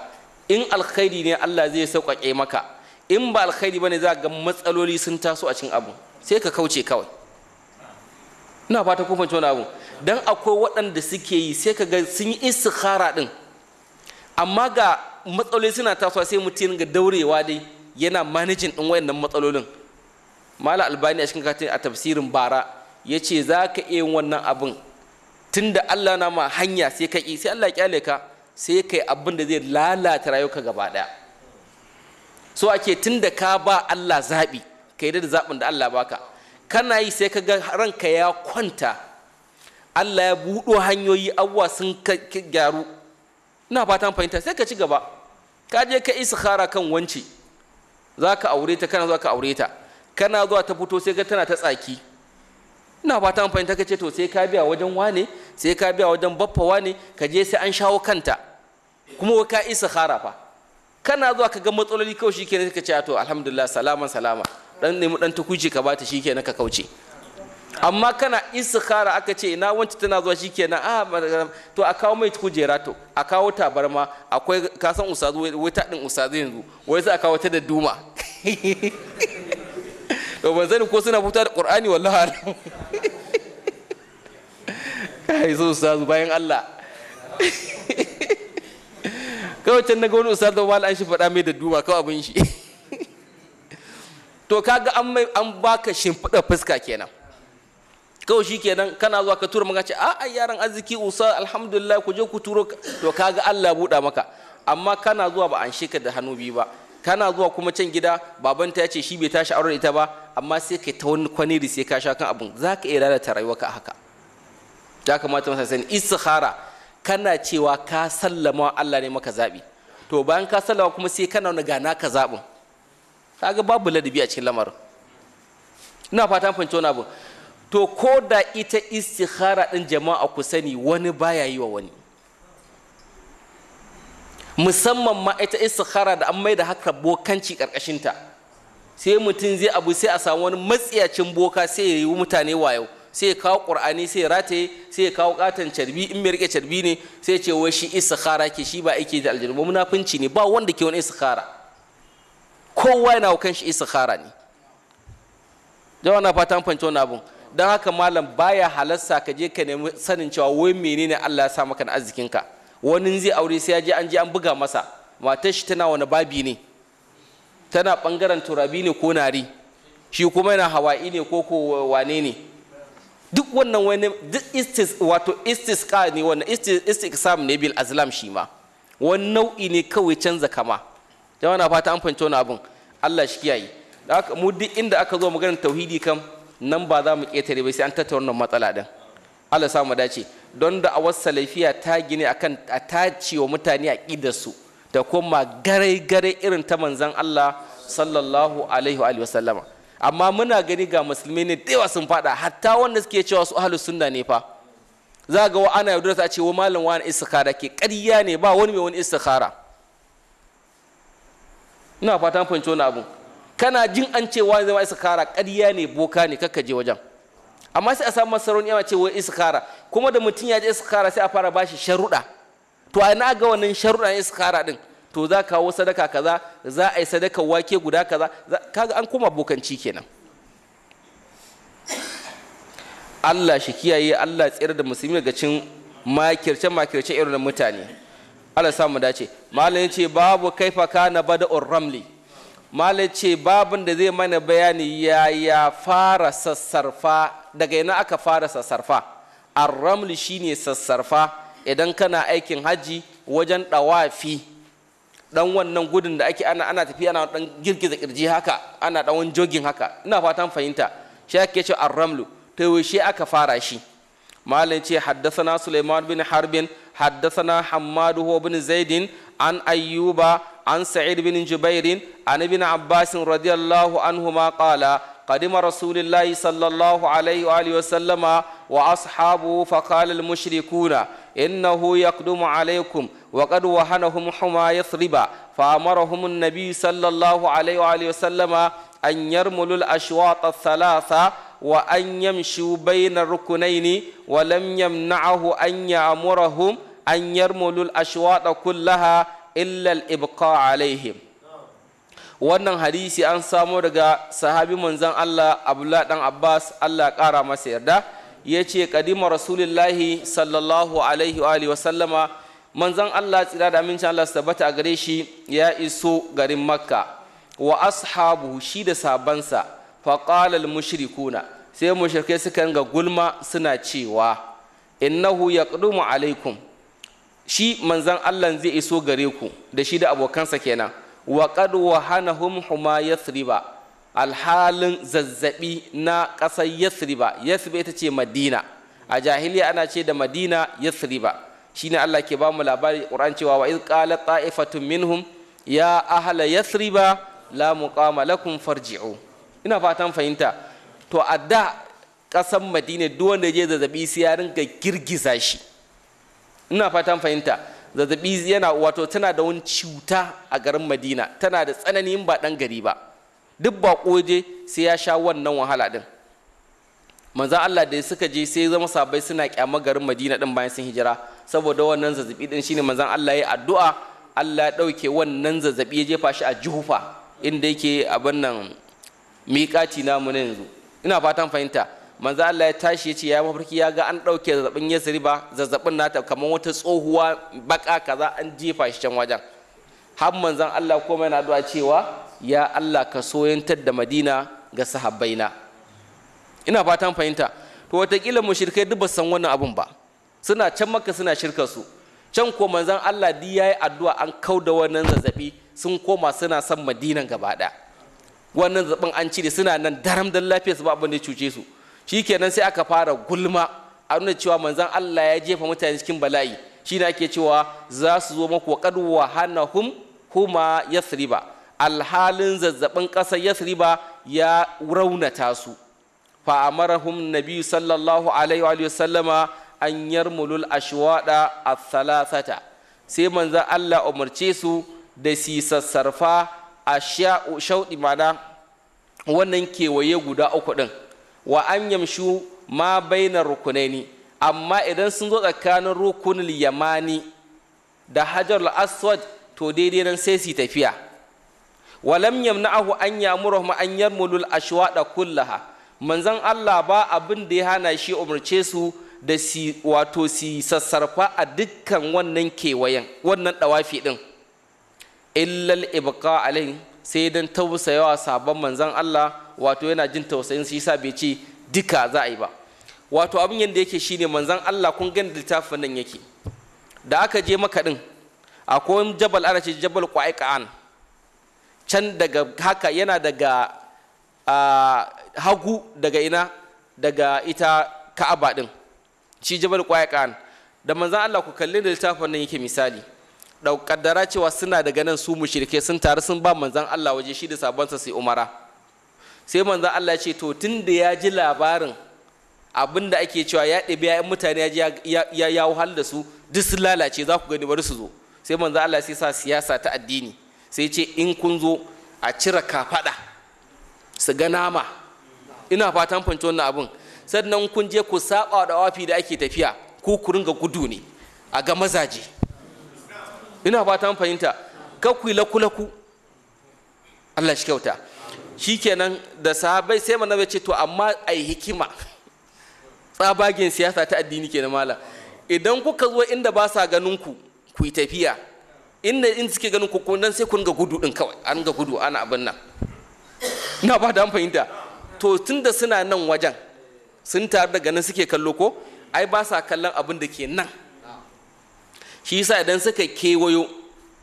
in alkhairi ne Allah zai sauƙaƙe maka in ba alkhairi ne za ga matsaloli sun taso a cikin abu sai ka kauce kawai ina fata kun fahimci wani abu dan akwai waɗanda suke yi sai kaga sun yi istikhara din amma ga matsaloli suna tasowa sai mutum ga daurewa dai yana managing din wayannan matsalolin mala albani a cikin katin a tafsirin bara ya ce za ka iya yin wannan abin da allah na ma hanya sai ka sai allah kyale ka sai ka yi abin da zai lalata rayuka gaba ɗaya so ake da ka ba allah zaɓi ka yi da zaɓin da allah baka kana yi sai ka ga ranka ya kwanta allah ya buɗo hanyoyi abuwa sun gyaru ina fatan fahimta sai ka ci gaba ka je ka istikhara kan wance za ka aure ta kana zuwa ka aure ta kana zuwa ta fito sai ka tana ta tsaki ina fatan fahimta ka ce to sai ka biya wajen wane sai ka biya wajen baffa wane ka je sai an shawo kanta kuma ka istikhara fa kana zuwa ka ga matsaloli kawai shi kenan ka ce to alhamdulillah salaman salama, salama. dan nemi dan tukuji ka bata shi kenan ka kauce amma kana istikhara aka ce ina wanci tana zuwa shi kenan a ah, to a kawo mai kujera to a kawo tabarma akwai kasan usazu wata din usazu yanzu wai sai a kawo ta da duma to ban sani ko suna fita da qur'ani wallahi kai so usazu bayan Allah kawai can na ga wani usazu wala an shi faɗa mai da duma kawai abin shi to kaga an mai an baka shimfiɗa fuska kenan kawai shi kenan kana zuwa ka tura maka ce a yaran arziki usa alhamdulillah ku je ku turo to kaga Allah buɗa maka amma kana zuwa ba an shika da hannu biyu ba kana zuwa kuma can gida babanta ya ce shi bai tashi aure ita ba amma sai kai ta wani kwaniri sai ka sha kan abun zaka iya lalata rayuwarka a haka ya kamata masa sani istikhara kana cewa ka sallama Allah ne maka zabi to bayan ka sallama kuma sai kana wani gana ka zabin kaga babu ladabi a cikin lamarin ina fatan fahimci wani abu to ko da ita istikhara din jama'a ku sani wani baya yi wa wani musamman ma ita istikhara da an maida haka bokanci karkashinta sai mutum zai abu sai a samu wani matsiyacin boka sai ya yi mutane wayo sai ya kawo qur'ani sai ya rataye sai ya kawo ƙaton carbi in mai rike carbi ne sai ya ce wai shi istikhara ke shi ba aiki da aljanu ba munafunci ne ba wanda ke wani istikhara kowa yana wa kanshi istikhara ne jama'a na an fahimci wannan abun don haka malam baya halarsa ka je ka nemi sanin cewa wai menene Allah ya sa maka na arzikinka wani zai aure sai ya je an je an buga masa matar shi tana wani babi ne tana bangaren turabi ne ko nari shi kuma yana hawa'i ne ko wane ne duk wannan wani duk istis wato ka ne wannan istis ne bil azlam shi ma wani nau'i ne kawai canza kama jama'a na fata an fahimci wani abin Allah shi kiyaye mu duk inda aka zo maganar tauhidi kam nan ba za mu ƙetare ba sai an tattauna wannan matsala din Allah samu dace don da a wasu salafiya ta gine akan a ce wa mutane a su da kuma garai garai irin ta manzon Allah sallallahu alaihi wa sallama amma muna gani ga musulmai ne da yawa sun fada hatta wanda suke cewa su ahlus sunna ne fa za ga wa ana yaudara ta ce wa malam wani istikhara ke ƙarya ne ba wani mai wani istikhara ina fatan fahimci wani abu kana jin an ce wani zama iskara ƙarya ne boka ne kakka je wajen amma sai a samu masarauni yana ce wai iskara kuma da mutum ya ji iskara sai a fara bashi sharuɗa to a na ga wannan sharuɗa na iskara din to za ka kawo sadaka kaza za a yi sadaka wake guda kaza kaga an koma bokanci kenan Allah shi kiyaye Allah tsira da musulmi daga cin makirce makirce irin mutane Allah sa mu dace malam ya ce babu kaifa kana bada ramli malam ce babin da zai mana bayani ya fara sassarfa daga ina aka fara sassarfa ar-ramli shine sassarfa idan kana aikin haji wajen dawafi dan wannan gudun da ake ana ana tafiya ana dan girgiza kirji haka ana dan wani jogin haka ina fatan fahimta shi ake cewa ar-ramlu to shi aka fara shi malam ce haddathana Sulaiman bin Harbin حدثنا حماد هو بن زيد عن أيوب عن سعيد بن جبير عن ابن عباس رضي الله عنهما قال قدم رسول الله صلى الله عليه وآله وسلم وأصحابه فقال المشركون إنه يقدم عليكم وقد وهنهم حمى يثرب فأمرهم النبي صلى الله عليه وآله وسلم أن يرملوا الأشواط الثلاثة وأن يمشوا بين الركنين ولم يمنعه أن يأمرهم an yarmulul ashwada kullaha illa al-ibqa alaihim wannan hadisi an samo daga sahabi manzon Allah Abdullah dan Abbas Allah ƙara masa yarda yace kadima rasulullahi sallallahu alaihi wa alihi wasallama, manzon Allah tsira da amincin Allah tabbata a gare shi ya iso garin Makka wa ashabu shi da sabansa al mushrikuna sai mushrike suka ga gulma suna cewa innahu yaqdumu alaikum shi manzan Allah zai iso gare ku da shi da abokansa kenan wa qad wahanahum huma yathriba alhalin zazzabi na ƙasar yathriba yathriba ita ce madina a jahiliya ana ce da madina shi ne Allah ke ba mu labari Qur'an cewa wa iz qala ta'ifatun minhum ya ahla yathriba la muqama lakum farji'u ina fatan fahimta to a da ƙasar madina duk wanda ya je zazzabi sai ya girgiza shi ina fatan fahimta zazzabi yana wato tana da wani cuta a garin madina tana da tsananin ba dan gari ba duk ba je sai ya sha wannan wahala din manzan Allah da suka je sai zama sabai suna kyamar garin madina din bayan sun hijira saboda wannan zazzabi din shine manzan Allah ya addu'a Allah ya ɗauke wannan zazzabi ya jefa shi a juhufa inda yake abin nan miƙati namu na yanzu ina fatan fahimta manzo Allah ya tashi ya ce ya mafarki ya ga an dauke zazzabin yasiri ba zazzabin nata kamar wata tsohuwa baka kaza an jefa shi can wajen har manzon Allah kuma yana addu'a cewa ya Allah ka soyantar da Madina ga sahabbaina ina fatan fahimta to watakila mushrikai duk ba san wannan abun ba suna can maka suna shirkar su can ko manzon Allah di yayi addu'a an kau da wannan zazzabi sun koma suna san Madina gaba daya wannan zabin an cire suna nan daram da lafiyar su ba abin da ya cuce su shikenan sai aka fara gulma a nuna cewa manzan Allah ya jefa mutane cikin bala'i shi na ke cewa za su zo maku qad wahanahum huma yasriba alhalin zazzabin ƙasar yasriba ya raunata su fa amarahum biyu sallallahu alaihi wa sallama an yarmulul a salasata sai manzan Allah umarce su da si sassarfa a shauɗi mana wannan kewaye guda uku ɗin wa an yamshu ma bainar rukunaini amma idan sun zo tsakanin rukunin yamani da hajar aswad to daidai nan sai su tafiya walam yamna'ahu an ma an yarmulul ashwada kullaha manzon Allah ba abin da ya hana shi umarce su da si wato si sassarfa a dukkan wannan kewayen wannan dawafi din al ibqa alai sai dan tausayawa sabon manzon Allah wato yana jin tausayin su yasa bai ce duka za a yi ba wato abin yadda yake shine manzan Allah kun gani littafin nan yake da aka je maka din akwai jabal ana ce jabal qaiqan can daga haka yana daga hagu daga ina daga ita ka'aba din shi jabal qaiqan da manzan Allah ku kalli da littafin nan yake misali da kaddara cewa suna daga nan su mushrike sun taru sun ba manzan Allah waje shi da sabansa sai umara sai manzon Allah ce to tun da ya ji labarin abin da ake cewa ya ɗabi ya mutane ya ya ya da su duk sun lalace za ku gani bari su zo sai manzon Allah sai sa siyasa ta addini sai ce in kun zo a cire kafaɗa su ga nama ina fatan fanci wannan abin sannan kun je ku saba da wafi da ake tafiya ku ku ringa gudu ne a ga mazaje ina fatan fahimta kakwi laku laku Allah shi kyauta shikenan da sahabai sai manzo ce to amma ai hikima tsabagen siyasa ta addini kenan mala idan kuka zo inda ba sa ganin ku ku yi tafiya inda in suke ganin ku kun sai kun ga gudu din kawai an ga gudu ana abin nan na ba da an fahimta to tunda suna nan wajen sun tare da nan suke kallo ko ai ba sa kallon abin da ke nan shi yasa idan suka kewayo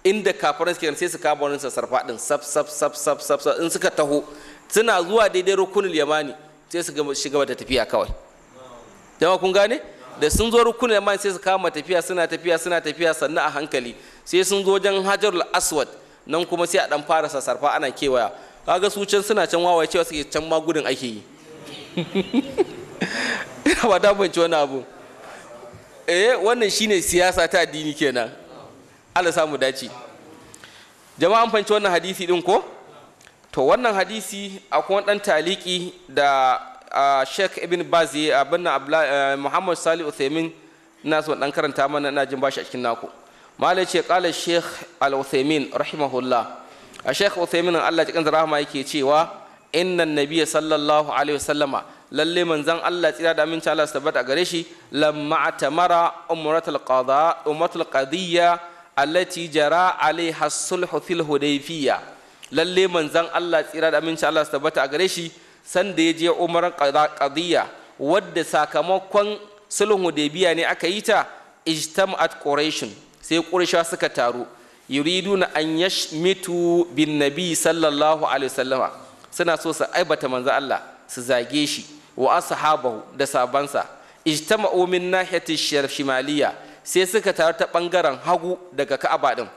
inda kafiran suke sai su kama wani sassarfa din sab sab sab sab sab in suka taho suna zuwa daidai rukunul yamani sai su shiga mata tafiya kawai jama'a kun gane da sun zo rukunul yamani sai su kama tafiya suna tafiya suna tafiya sannan a hankali sai sun zo wajen hajarul aswad nan kuma sai a dan fara sassarfa ana kewaya kaga su can suna can wawaye cewa suke can ma gudun ake yi ba ta wani abu eh wannan shine siyasa ta addini kenan Allah samu dace jama'an fanci wannan hadisi din ko to wannan hadisi akwai dan taliki da Sheikh Ibn Baz ya abin eh, Muhammad Salih Uthaymin na so dan karanta mana na jin bashi a cikin naku malai ce qala Sheikh Al-Uthaymin rahimahullah a Sheikh Uthaymin Allah cikin rahama yake cewa innan nabiyya sallallahu alaihi wasallama lalle manzon Allah tsira da aminci Allah tabbata gare shi lamma tamara umratul qada umratul qadiyya allati jara alaiha sulhu fil hudayfiya lalle manzon Allah tsira da aminci Allah tabbata a gare shi san da ya je umar qadiyya wadda sakamakon sulhu hudaybiya ne aka yi ta ijtama'at quraish sai quraisha suka taru yuriduna an yashmitu bin nabi sallallahu alaihi wasallama suna so su aibata manzan Allah su zage shi wa ashabahu da sabansa ijtama'u min nahiyati shimaliya sai suka taru ta bangaren hagu daga ka'aba din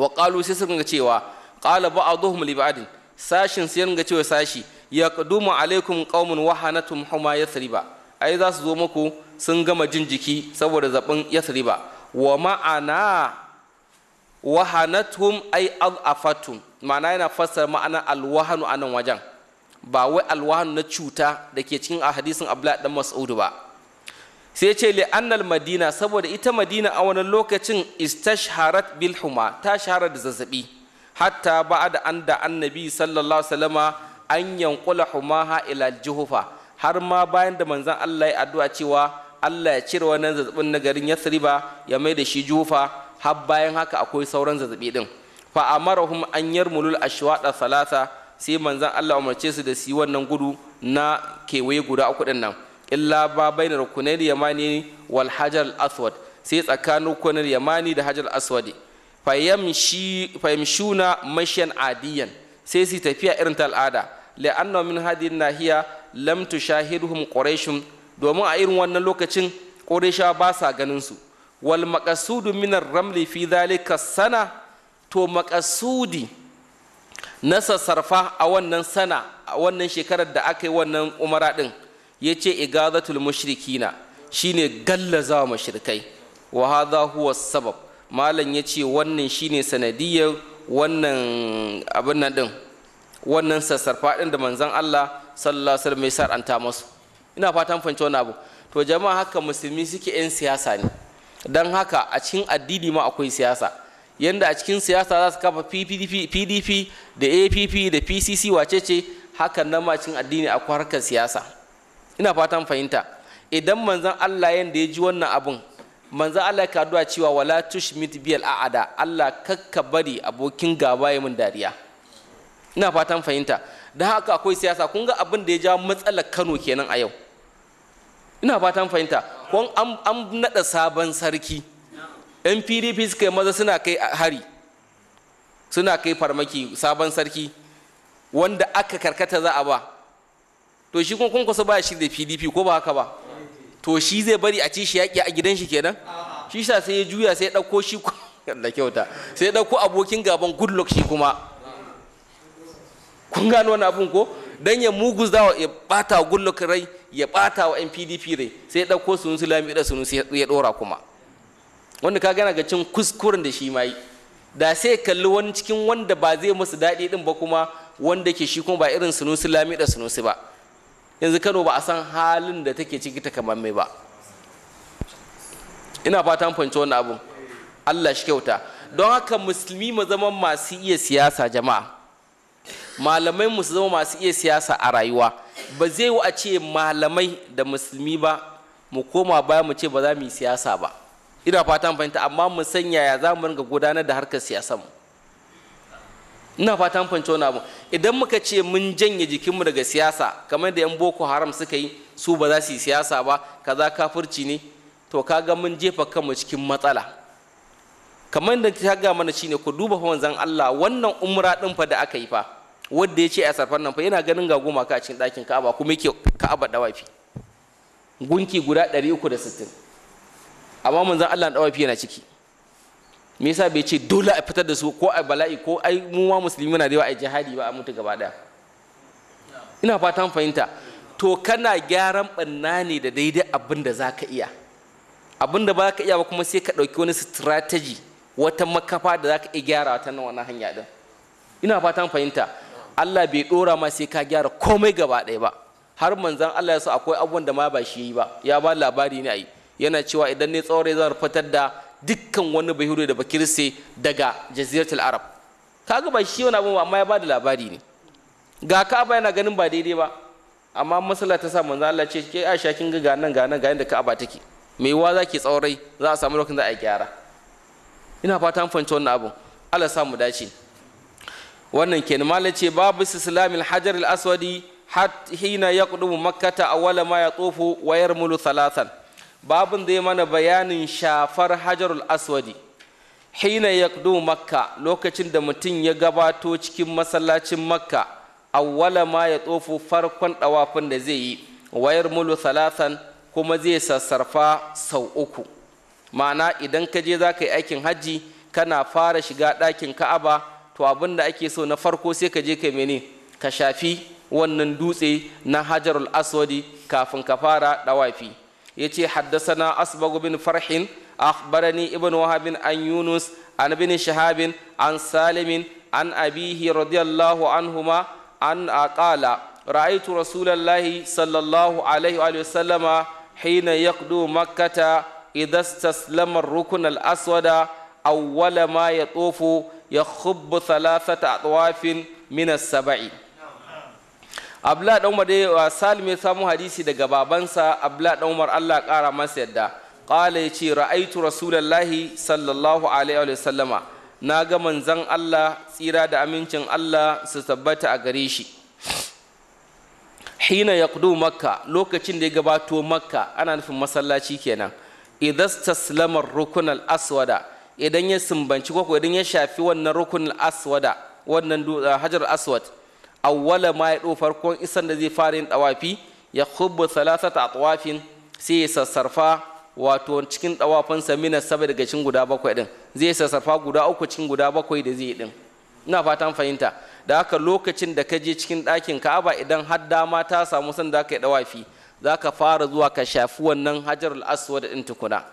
wa qalu sai suka cewa qala a zuhum ba'din sashin sai ga cewa sashi ya yaqdumu alaikum qaumun wahanatum huma yathriba ai za su zo muku sun gama jin jiki saboda zabin ba wa ma'ana wahanatum ai al'afatum ma'ana yana fassara ma'ana alwahanu a nan wajen ba wai alwahanu na cuta da ke cikin a hadisin abla dan mas'udu ba sai ce annal madina saboda ita madina a wani lokacin istashharat bil huma ta shahara da zazzabi hatta ba'da an da annabi sallallahu alaihi an yankula humaha ila juhufa har ma bayan da manzon Allah ya addu'a cewa Allah ya cire wannan zazzabin na garin Yathriba ya mai da shi jufa har bayan haka akwai sauran zazzabi din fa amarahum an yarmulul ashwada salasa sai manzon Allah umarce su da su yi wannan gudu na kewaye guda uku din nan illa ba bayna yamani wal hajar aswad sai tsakanin rukunin yamani da hajar aswadi Fahimshuna mashiyan adiyan sai su tafiya irin ta al'ada la'anna min hadin nahiya lam tushahiduhum quraishun domin a irin wannan lokacin quraishawa ba sa ganin su wal maqasudu min ar-ramli fi dhalika sana to maqasudi na sassarfa a wannan sana a wannan shekarar da aka yi wannan umara din ya ce igadatul mushrikina shine galla za wa hadha huwa sabab malam ya ce wannan shine sanadiyar wannan abin nan din wannan sassarfa din da manzon Allah sallallahu alaihi wasallam ya saranta masu ina fatan fanci wannan abu to jama'a haka musulmi suke yan siyasa ne dan haka a cikin addini ma akwai siyasa yanda a cikin siyasa za su kafa pdp da app da pcc wacece haka nan ma cikin addini akwai harkar siyasa ina fatan fahimta idan manzon Allah yadda ya ji wannan abun manzon Allah ya kaduwa cewa wala tushmit biyal a'ada Allah kakka bari abokin gaba ya mun dariya ina fatan fahimta da haka akwai siyasa kun ga abin da ya ja matsalar Kano kenan a yau ina fatan fahimta kun an nada sabon sarki yan pdp suka yi maza suna kai hari suna kai farmaki sabon sarki wanda aka karkata za a ba to shi kuma kwankwasa ba shi da pdp ko ba haka ba to shi zai bari a ci shi yaƙi a gidan shi kenan shi sa sai ya juya sai ya ɗauko shi da kyauta sai ya ɗauko abokin gaban goodluck shi kuma kun gano wani abun ko dan ya muguza wa ya bata wa goodluck rai ya bata wa PDP rai sai ya ɗauko sunusu lami da sunusu ya ɗora kuma wanda ka gana ga cin kuskuren da shi ma yi da sai kalli wani cikin wanda ba zai musu daɗi ɗin ba kuma wanda ke shi kuma ba irin sunusu lami da sunusu ba yanzu kano ba a san halin da take ciki ta kamar mai ba ina fatan fahimci wani abu allah shi kyauta don haka musulmi mu zama masu iya siyasa jama'a malamai mu zama masu iya siyasa a rayuwa ba zai a ce malamai da musulmi ba mu koma baya mu ce ba za mu yi siyasa ba ina fatan fahimta amma mu san yaya za mu ringa gudanar da harkar siyasa mu ina fatan fahimci wani abu idan muka ce mun janye jikinmu daga siyasa kamar da 'yan boko haram suka yi su ba za su yi siyasa ba kaza kafirci ne to kaga mun jefa kanmu cikin matsala kamar da ta ga mana shine ku duba manzon Allah wannan umra din fa da aka yi fa wanda ya ce a safar nan fa yana ganin ga goma ka a cikin ɗakin Ka'aba kuma yake Ka'aba dawafi gunki guda 360 amma manzon Allah dawafi yana ciki me yasa bai ce dole a fitar da su ko a bala'i ko ai mu ma musulmi muna da yawa a jihadi ba a mutu gaba ina fatan fahimta to kana gyaran banna ne da daidai abin da zaka iya abin da ba ka iya ba kuma sai ka ɗauki wani strategy wata makafa da zaka iya gyara ta nan wannan hanya din ina fatan fahimta Allah bai ɗora ma sai ka gyara komai gaba ɗaya ba har manzan Allah ya sa akwai abubuwan da ma ba shi yi ba ya ba labari ne a yi yana cewa idan ne tsaurai zan fitar da dukkan wani bahure da sai daga jaziratul arab kaga ba shi wani abu amma ya bada labari ne ga ka'aba yana ganin ba daidai ba amma masala ta sa manzo Allah ce ke Aisha kin ga nan ga nan ga ka'aba take me yiwa zaki tsaurai za a samu lokacin za a gyara ina fata an fanci wannan abun Allah sa mu dace wannan kenan malam ce babu islamil hajar al aswadi hina yaqdumu makkata awwala ma yatufu wa yarmulu thalathan babin zai mana bayanin shafar hajarul aswadi hina yaqdu makka lokacin da mutum ya gabato cikin masallacin makka awwala ma ya tsofo farkon ɗawafin da zai yi wayar mulu salatan kuma zai sassarfa sau uku ma'ana idan ka je za ka yi aikin hajji kana fara shiga ɗakin ka'aba to abin da ake so na farko sai ka je ka mene ka shafi wannan dutse na hajarul aswadi kafin ka fara ɗawafi Ya yace haddasana asbagu bin farhin akhbarani ibn wahab an yunus an bin shahabin an salim an abihi radiyallahu anhuma an aqala ra'aytu rasulallahi sallallahu alaihi wa sallama hina yaqdu makkata idha istaslama ar-rukn al-aswada awwala ma yatufu yakhubbu thalathata atwafin min as-sab'i abla dan umar dai salim ya samu hadisi daga babansa abla dan umar Allah kara masa yadda qala yace ra'aitu rasulullahi sallallahu alaihi wa sallama na ga manzon Allah tsira da amincin Allah su tabbata a gare shi hina yaqdu makka lokacin da ya gabato makka ana nufin masallaci kenan idastaslama rukun al-aswada idan ya sumbanci ko idan ya shafi wannan rukun al-aswada wannan hajar aswad awwala ma ya ɗo farkon isan da zai fara yin ɗawafi ya hubbu salasata a ɗawafin sai ya sassarfa wato cikin sa mina saba daga cikin guda bakwai ɗin zai sassarfa guda uku cikin guda bakwai da zai ɗin ina fatan fahimta da haka lokacin da ka je cikin ɗakin ka'aba idan har dama ta samu san da ka yi ɗawafi za ka fara zuwa ka shafi wannan hajar aswad ɗin tukuna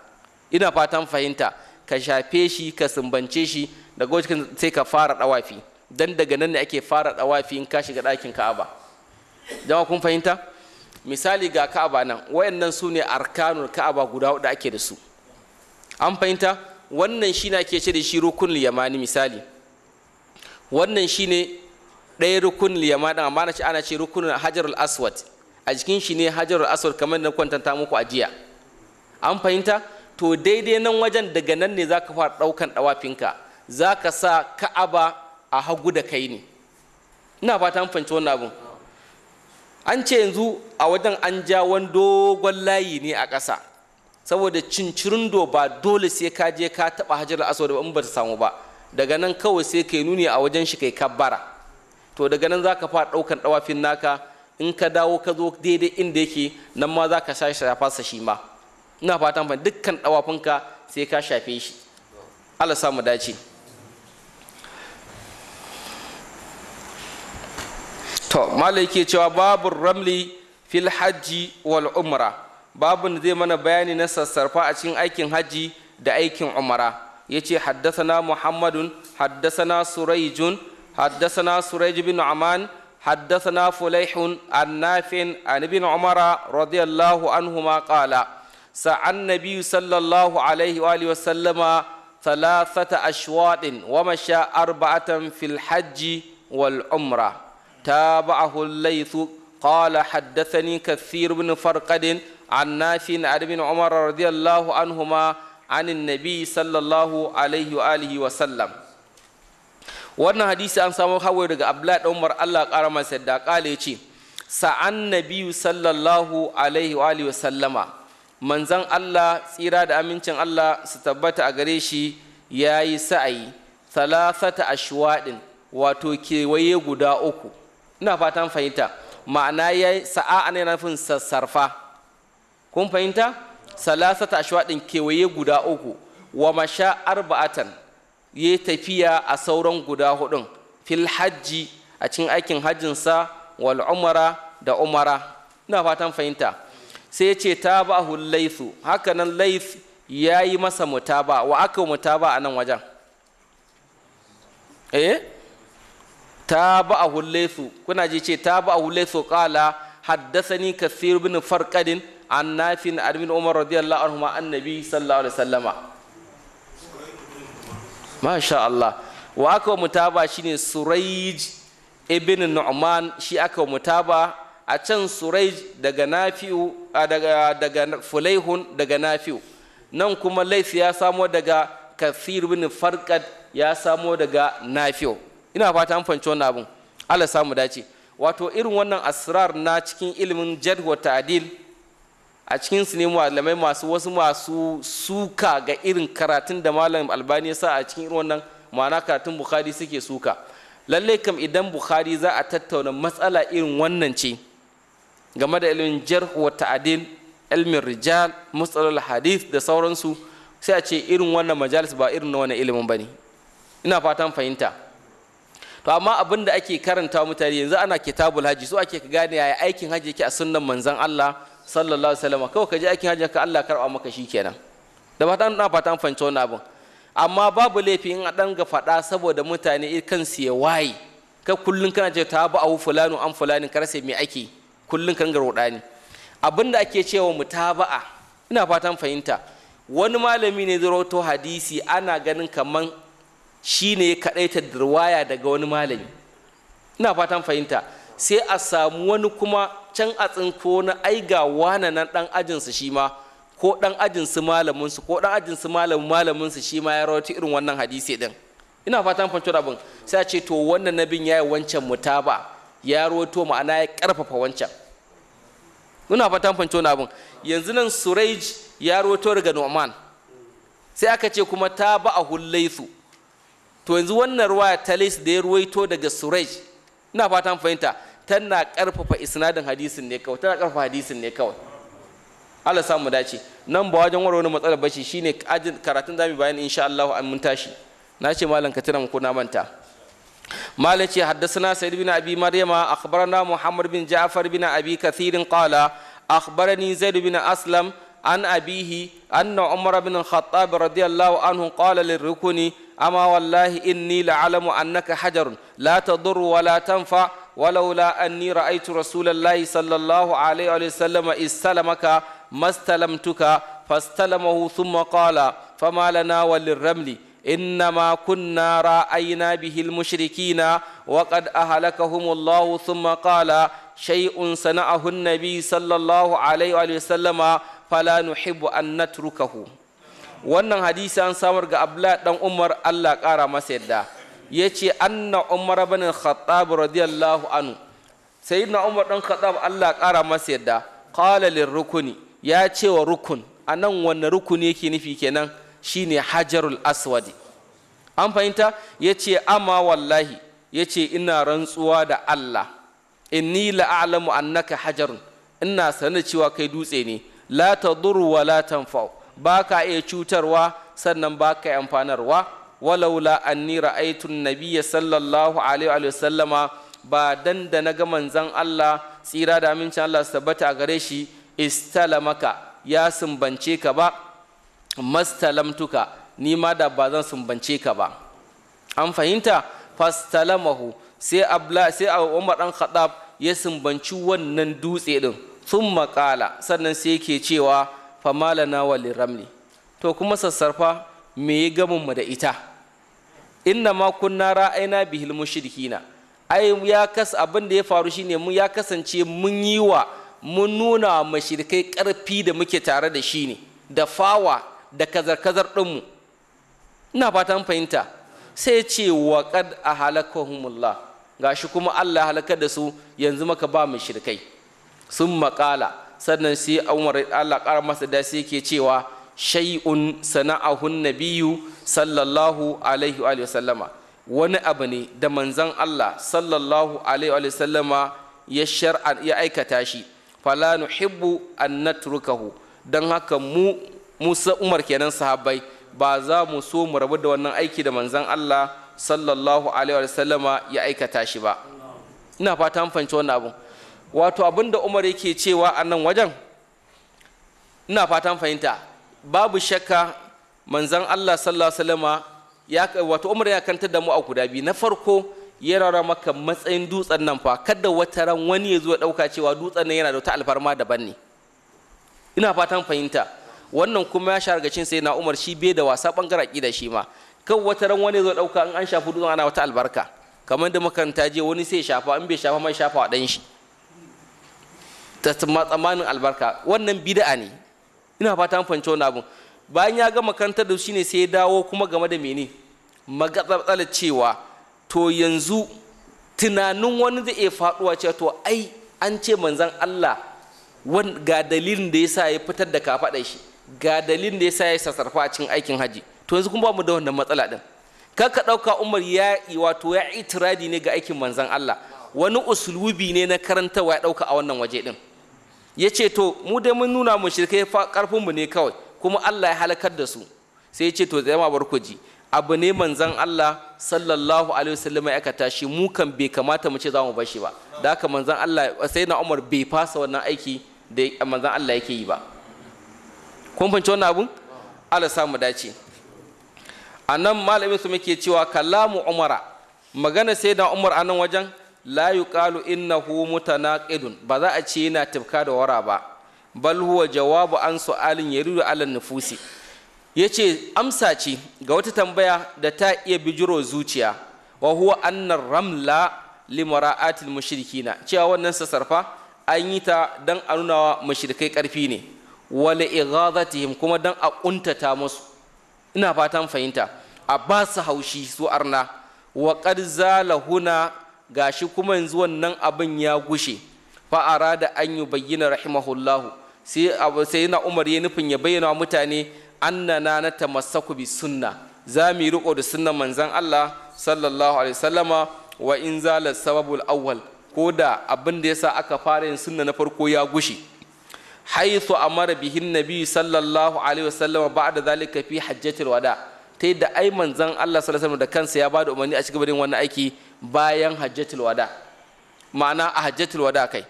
ina fatan fahimta ka shafe shi ka sumbance shi daga wajen sai ka fara ɗawafi dan daga nan ne ake fara dawafi in ka shiga ɗakin ka'aba jama kun fahimta misali ga ka'aba nan wayannan su ne arkanul ka'aba guda hudu ake da su an fahimta wannan shi ne ake ce da shi rukunul yamani misali wannan shi ne ɗaya rukunul yamani amma ana ce rukunul hajarul aswad a jikin shi ne hajarul aswad kamar da kwantanta muku a jiya an fahimta to daidai nan wajen daga nan ne zaka fara ɗaukan ɗawafinka zaka sa ka'aba a hagu da kai ne ina fata an fahimci wannan an ce yanzu a wajen an ja wani dogon layi ne a ƙasa saboda cincirindo ba dole sai ka je ka taɓa hajar aswad ba in ba ta samu ba daga nan kawai sai kai nuni a wajen shi kai kabbara to daga nan za ka fara ɗaukar ɗawafin naka in ka dawo ka zo daidai inda yake nan ma za ka sha shafa sa shi ma ina fatan fa dukkan ɗawafinka sai ka shafe shi Allah samu dace to malai ke cewa babu ramli fil hajji wal umra babun zai mana bayani na sassarfa a cikin aikin hajji da aikin umara yace haddasana muhammadun haddasana surayjun haddathana surayj bin aman haddathana fulaihun an nafin an ibn umara radiyallahu anhuma qala sa'an sallallahu alaihi wa alihi wa sallama wa أشواط ومشى أربعة في الحج تابعه الليث قال حدثني كثير بن فرقد عن نافع عن ابن عمر رضي الله عنهما عن النبي صلى الله عليه وآله وسلم wannan hadisi an samu kawai daga abdullahi da umar allah ƙara masa da ƙala ce sa'an nabiyu sallallahu alaihi wa alihi sallama manzan allah tsira da amincin allah su tabbata a gare shi ya yi sa'ayi talatata ashwaɗin wato kewaye guda uku ina fatan fahimta ma'ana ya sa'a ana yana nufin sassarfa kun fahimta salasata ashwadin kewaye guda uku wa masha arba'atan ya tafiya a sauran guda hudun fil hajji a cikin aikin hajjinsa wal umara da umara ina fatan fahimta sai ce ta ba hulaisu haka nan laif ya yi masa mutaba wa aka mutaba a nan wajen eh ta ba a hulle su kuna ji ce ta ba a hulle su kala haddasa haddasani kasir bin farqadin an nafin armin umar radiyallahu anhu ma annabi sallallahu alaihi wasallama masha Allah wa aka wa mutaba ne surayj ibn nu'man shi aka wa mutaba a can surayj daga nafiu daga daga daga nafiu nan kuma laysa ya samo daga kasir bin farqad ya samo daga nafiu ina fata an fahimci wannan abin Allah samu dace wato irin wannan asrar na cikin ilimin jadwa ta'dil a cikin su ne malamai masu wasu masu suka ga irin karatun da malam albani ya sa a cikin irin wannan ma'ana karatun bukhari suke suka lallai kam idan bukhari za a tattauna matsala irin wannan ce game da ilimin jarh wa ta'dil ilmin rijal matsalar hadith da sauransu sai a ce irin wannan majalis ba irin na wani ilimin bane ina fatan fahimta to amma abin da ake karanta mutane yanzu ana kitabul haji so ake gane yaya aikin haji yake a sunnan manzon Allah sallallahu alaihi wasallam kawai ka je aikin haji ka Allah karba maka shi kenan da fatan na fatan fahimci wannan abin amma babu laifi in a dan ga fada saboda mutane su ya waye ka kullun kana je ta ba awu fulanu an fulanin ka rasa me ake kullun kan garoda ne abin da ake cewa mutaba'a ina fatan fahimta wani malami ne zuro to hadisi ana ganin kaman shi ne ya kaɗaita da ruwaya daga wani malami ina fatan fahimta sai a samu wani kuma can a tsinko na ga wane nan ɗan ajinsu shi ma ko ɗan ajinsu malaminsu ko ɗan ajinsu malamin malaminsu shi ma ya rawata irin wannan hadisi ɗin ina fatan fahimta abin sai a ce to wannan nabin ya yi wancan mutaba ya rawato ma'ana ya ƙarfafa wancan ina fatan fahimta abin yanzu nan suraij ya rawato daga nu'man sai aka ce kuma ta ba a hullaisu to yanzu wannan ruwa ta lis da ya ruwaito daga suraj ina fatan fahimta tana karfafa isnadin hadisin ne kawai tana karfafa hadisin ne kawai Allah sa mu dace nan ba wajen wani matsalar bashi ne karatun zamu bayan insha allahu an mun tashi na ce malam ka tana muku na manta malam ce haddasana sayyid bin abi maryama akhbarana muhammad bin ja'far bin abi kathirin qala akhbarani zaid bin aslam an abihi anna umar bin al-khattab radiyallahu anhu kala lirukuni أما والله إني لعلم أنك حجر لا تضر ولا تنفع ولولا أني رأيت رسول الله صلى الله عليه وسلم استلمك ما استلمتك فاستلمه ثم قال فما لنا وللرمل إنما كنا رأينا به المشركين وقد أهلكهم الله ثم قال شيء صنعه النبي صلى الله عليه وسلم فلا نحب أن نتركه wannan hadisi an samar ga Abdullahi ɗan umar allah ƙara masa yadda ya ce anna umar bin khattab radiyallahu anhu sayyidina umar ɗan khattab allah ƙara masa yadda qala rukuni ya ce wa rukun anan wanne rukuni yake nufi kenan shine hajarul aswadi an fahimta ya ce amma wallahi ya ce ina rantsuwa da allah inni la'alamu annaka hajarun ina sanar cewa kai dutse ne la tadur wa la ba ka iya cutarwa sannan ba ka yi amfanarwa walaula anni ra'aytu nabiyya sallallahu alaihi wa sallama ba dan da na ga manzon Allah tsira da amincin Allah su tabbata gare shi istalamaka ya sumbance ka ba mastalamtuka ni ma da ba zan sumbance ka ba an fahimta fastalamahu sai abla sai Umar dan Khattab ya sumbanci wannan dutse din sun qala sannan sai yake cewa famalana wa liramli to kuma sassarfa me ya gamin mu da ita inna ma kunna ra'ayna bihil mushrikina ai ya kas abin da ya faru shine mun ya kasance mun yi wa mun nuna mashirkai karfi da muke tare da shi ne da fawa da kazar-kazar ɗinmu ina fatan fahimta sai ce wa kad a halakahumullah gashi kuma Allah halaka da su yanzu maka ba mashirkai sun maƙala sannan sai umar Allah ƙara masa da sai ke cewa shay'un sana'ahun nabiyyu sallallahu alaihi wa sallama wani abu ne da manzon Allah sallallahu alaihi wa sallama ya ya aikata shi fala nuhibbu an natrukahu dan haka mu Musa Umar kenan sahabbai ba za mu so mu rabu da wannan aiki da manzon Allah sallallahu alaihi wa sallama ya aikata shi ba ina fata an wannan abu wato abinda umar yake cewa a nan wajen ina fatan fahimta babu shakka manzan allah sallallahu alaihi ya wato umar ya kanta da mu a guda biyu na farko ya rara maka matsayin dutsen nan fa kada wata ran wani ya zo ya dauka cewa dutsen nan yana da wata alfarma daban ne ina fatan fahimta wannan kuma ya shahara cin sai na umar shi bai da wasa bangaren aƙida shi ma kan wata ran wani zo dauka in an shafi dutsen ana wata albarka kamar da makaranta je wani sai shafa in bai shafa mai shafa wa dan shi tsammanin albarka wannan bida'a ne ina fata an fahimci abu. bayan ya ga karantar da shi ne sai ya dawo kuma game da mene magatsatsala cewa to yanzu tunanin wani zai iya faɗuwa cewa to ai an ce manzan Allah ga dalilin da yasa ya fitar da kafaɗa shi ga dalilin da yasa ya sassarfa a cikin aikin haji to yanzu kuma ba mu da wannan matsala din kar ka ɗauka Umar ya wato ya itiradi ne ga aikin manzan Allah wani usulubi ne na karantawa ya ɗauka a wannan waje din ya ce to mu dai mun nuna mu shirkai mu ne kawai kuma Allah ya halakar da su sai ya ce to zama ji abu ne manzan Allah sallallahu alaihi wasallam ya kata shi mu kan bai kamata mu ce za mu bar shi ba da haka manzan Allah sai na Umar bai fasa wannan aiki da manzan Allah yake yi ba kun fahimci wannan abun Allah samu dace anan malamin su muke cewa kalamu Umara magana sai da Umar a nan wajen la yuqalu innahu mutanaqidun ba za a ce yana tafka da wara ba bal huwa jawabu an su'alin yaridu ala nufusi yace amsa ce ga wata tambaya da ta iya bijiro zuciya wa huwa annar ramla limara'atil mushrikina cewa wannan sassarfa an yi ta dan a nuna wa mushrikai karfi ne wala yi kuma dan a kuntata masu ina fatan fahimta a ba su haushi su arna wa qad zalahuna Ga shi kuma yanzu wannan abin ya gushe fa'ara da an yi bayyana rahimahullahu sai na umar ya nufin ya bayyana mutane annana na tamassaku bi sunna za mu yi riko da sunnan manzan Allah sallallahu alaihi wasallama wa in zala sababul awwal ko da abin da yasa aka fara yin sunna na farko ya gushe a mara bihin nabi sallallahu alaihi wasallama ba'da zalika fi hajjatil wada ta da ai manzan Allah sallallahu alaihi wasallam da kansa ya bada umarni a cikin wani aiki bayan hajjatul wada ma'ana a hajjatul wada kai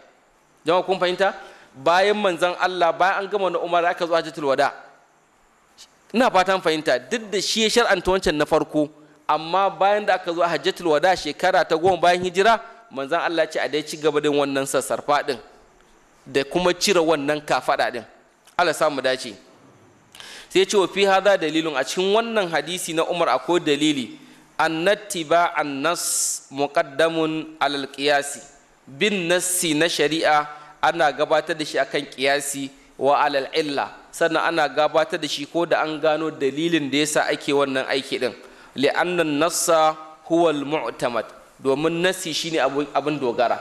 jama'a kun fahimta bayan manzan Allah bayan an gama na Umar aka zo hajjatul wada ina fatan fahimta duk da shi ya shar'anta wancan na farko amma bayan da aka zo a hajjatul wada shekara ta goma bayan hijira manzan Allah ce a dai ci gaba da wannan sassarfa din da kuma cire wannan kafada din Allah samu dace sai ce wa fi hada dalilun a cikin wannan hadisi na Umar akwai dalili annattiba annas muqaddamun alal qiyasi bin nassi na shari'a ana gabatar da shi akan qiyasi wa alal illa sannan ana gabatar da shi ko da an gano dalilin da yasa ake wannan aiki din li'anna nassa huwa al-mu'tamad domin nassi shine abin dogara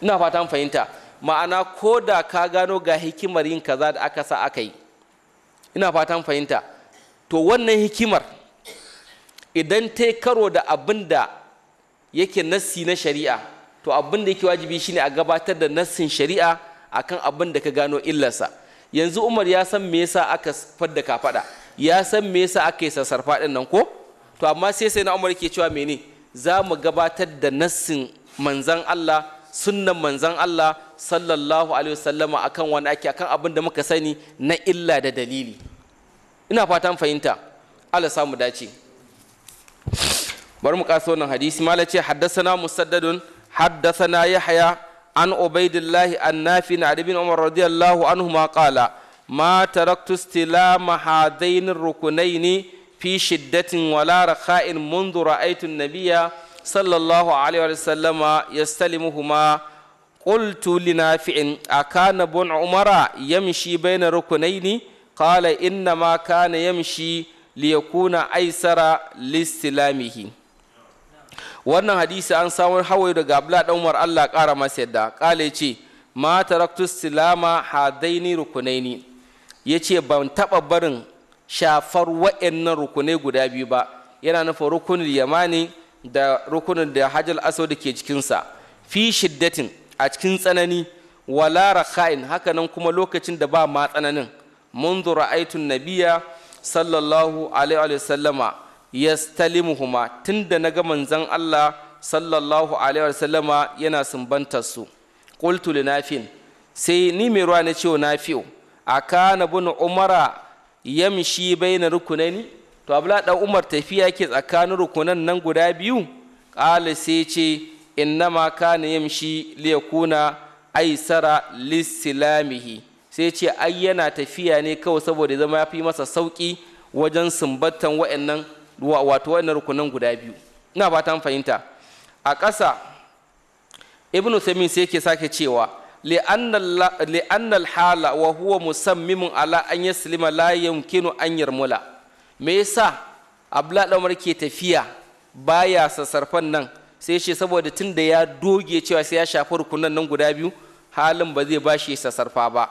ina fata fahimta ma'ana ko da ka gano ga hikimar yin kaza da aka sa aka yi ina fatan fahimta to wannan hikimar idan ta karo da abin da yake nassi na shari'a to abin da yake wajibi shine a gabatar da nassin shari'a akan abin da ka gano illarsa yanzu umar ya san me yasa aka fadda kafada ya san me yasa aka yi sassarfa din nan ko to amma sai sai na umar ke cewa mene za mu gabatar da nassin manzan Allah sunnan manzan Allah sallallahu alaihi wasallama akan wani ake akan abin da muka sani na illa da dalili ina fatan fahimta Allah samu dace bari mu kasa wannan hadisi mala ce haddasana musaddadun haddasana yahya an ubaidillahi an nafi na ibn umar radiyallahu anhu ma qala ma taraktu istilama hadain rukunaini fi shiddatin wala rakha'in منذ رأيت النبي صلى الله عليه وسلم يستلمهما قلت لنافع أكان بن عمر يمشي بين ركنين قال إنما كان يمشي liyakuna aisara listilamihi wannan hadisi an samar hawaye daga abla dan umar Allah kara masa yadda kale ce ma taraktu silama hadaini rukunaini yace ban taba barin shafar wa'annan rukunai guda biyu ba yana nufin rukunin yamani da rukunin da hajjal aswad ke cikin sa fi shiddatin a cikin tsanani wala rakha'in nan kuma lokacin da ba ma tsananin منذ رأيت النبي sallallahu alaihi wa sallama yastalimuhuma tunda naga manzan Allah sallallahu alaihi wa sallama yana sumbantar su qultu li nafin sai ni mai ruwa na ce nafi'u akana bin umara yamshi baina rukunaini to abla da umar tafiya ke tsakanin rukunan nan guda biyu qala sai ce innama kana yamshi liyakuna aisara lisilamihi sai ce ai yana tafiya ne kawai saboda ya zama ya fi masa sauki wajen sumbatan wa'annan wato wa'annan rukunan guda biyu ina ta fahimta a ƙasa ibn usaimin sai yake sake cewa li'annal hala wa huwa musammimun ala an silima la yumkinu an yarmula me yasa abla umar ke tafiya baya sassarfan nan sai shi saboda tun da ya doge cewa sai ya shafi rukunan nan guda biyu halin ba zai bashi sassarfa ba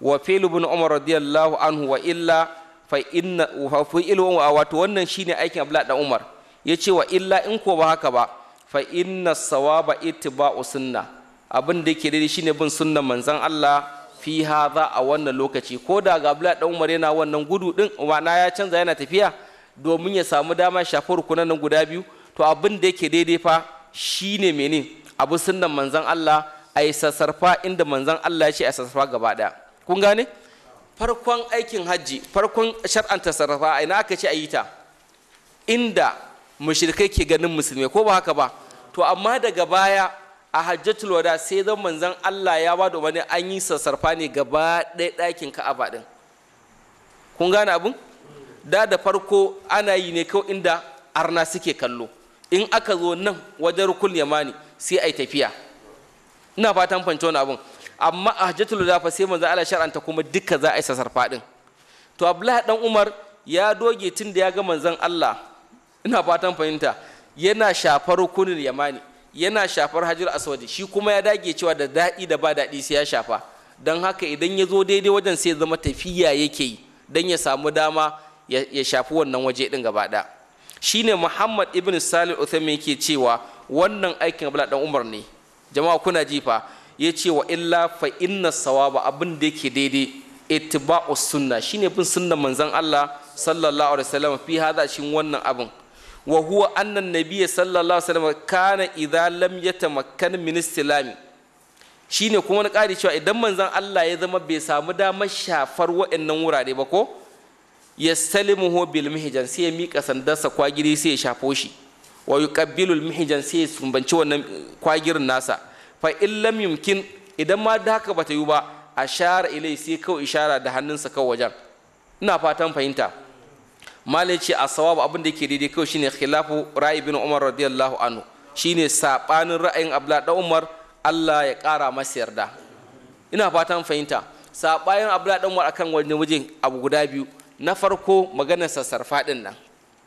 wa fi'lu ibn umar radiyallahu anhu wa illa fa inna wa fi'lu wa wato wannan shine aikin abdullah dan umar yace wa illa in ko ba haka ba fa inna sawaba ittiba'u sunna abin da yake daidai shine bin sunnan manzon Allah fi hadha a wannan lokaci ko da ga abdullah dan umar yana wannan gudu din wana ya canza yana tafiya domin ya samu dama shafar kunan nan guda biyu to abin da yake daidai fa shine mene abu sunnan manzon Allah ai sassarfa inda manzon Allah ya ce a sassarfa gaba daya kun gane farkon aikin hajji farkon shar'anta sarrafa a ina aka ce a yi ta inda mushrikai ke ganin musulmi ko ba haka ba to amma daga baya a hajjatul wada sai zan manzon Allah ya ba da wani an yi sassarfa ne gaba ɗaya ɗakin ka'aba ɗin kun gane abin da da farko ana yi ne kawai inda arna suke kallo in aka zo nan wajen rukun yamani sai a yi tafiya ina fatan fanci wani abin amma a hajjatul wada sai manzo Allah shar'anta kuma duka za a isa sarfadin to Abdullahi dan Umar ya doge tun da ya ga manzon Allah ina fatan fahimta yana shafar kunin yamani yana shafar hajjar aswad shi kuma ya dage cewa da dadi da ba dadi sai ya shafa dan haka idan ya zo daidai wajen sai zama tafiya yake yi dan ya samu dama ya shafi wannan waje din gaba shine muhammad ibn salih uthman yake cewa wannan aikin Abdullahi dan umar ne jama'a kuna jifa ya ce wa illa fa inna sawaba abin da yake daidai ittiba'us sunna shine bin sunnan manzon Allah sallallahu alaihi wasallam fi hada shin wannan abin wa huwa anna an-nabiy sallallahu alaihi wasallam kana idza lam yatamakkan min istilami shine kuma na ƙari cewa idan manzon Allah ya zama bai samu damar shafar waɗannan wurare ba ko ya salimuhu bil mihjan sai ya miƙa sandarsa kwagiri sai ya shafo shi wa al mihjan sai ya sumbanci wannan kwagirin nasa fa illam yumkin idan ma da haka bata yi ba a shara ilai sai kawai ishara da hannunsa kawai wajen ina fatan fahimta malai ce a sawabu abin da yake daidai kawai shine khilafu ra'i bin umar radiyallahu anhu shine sabanin ra'ayin abla da umar Allah ya kara masa yarda ina fatan fahimta sabanin abla da umar akan wani wajen abu guda biyu na farko maganar sassarfa din nan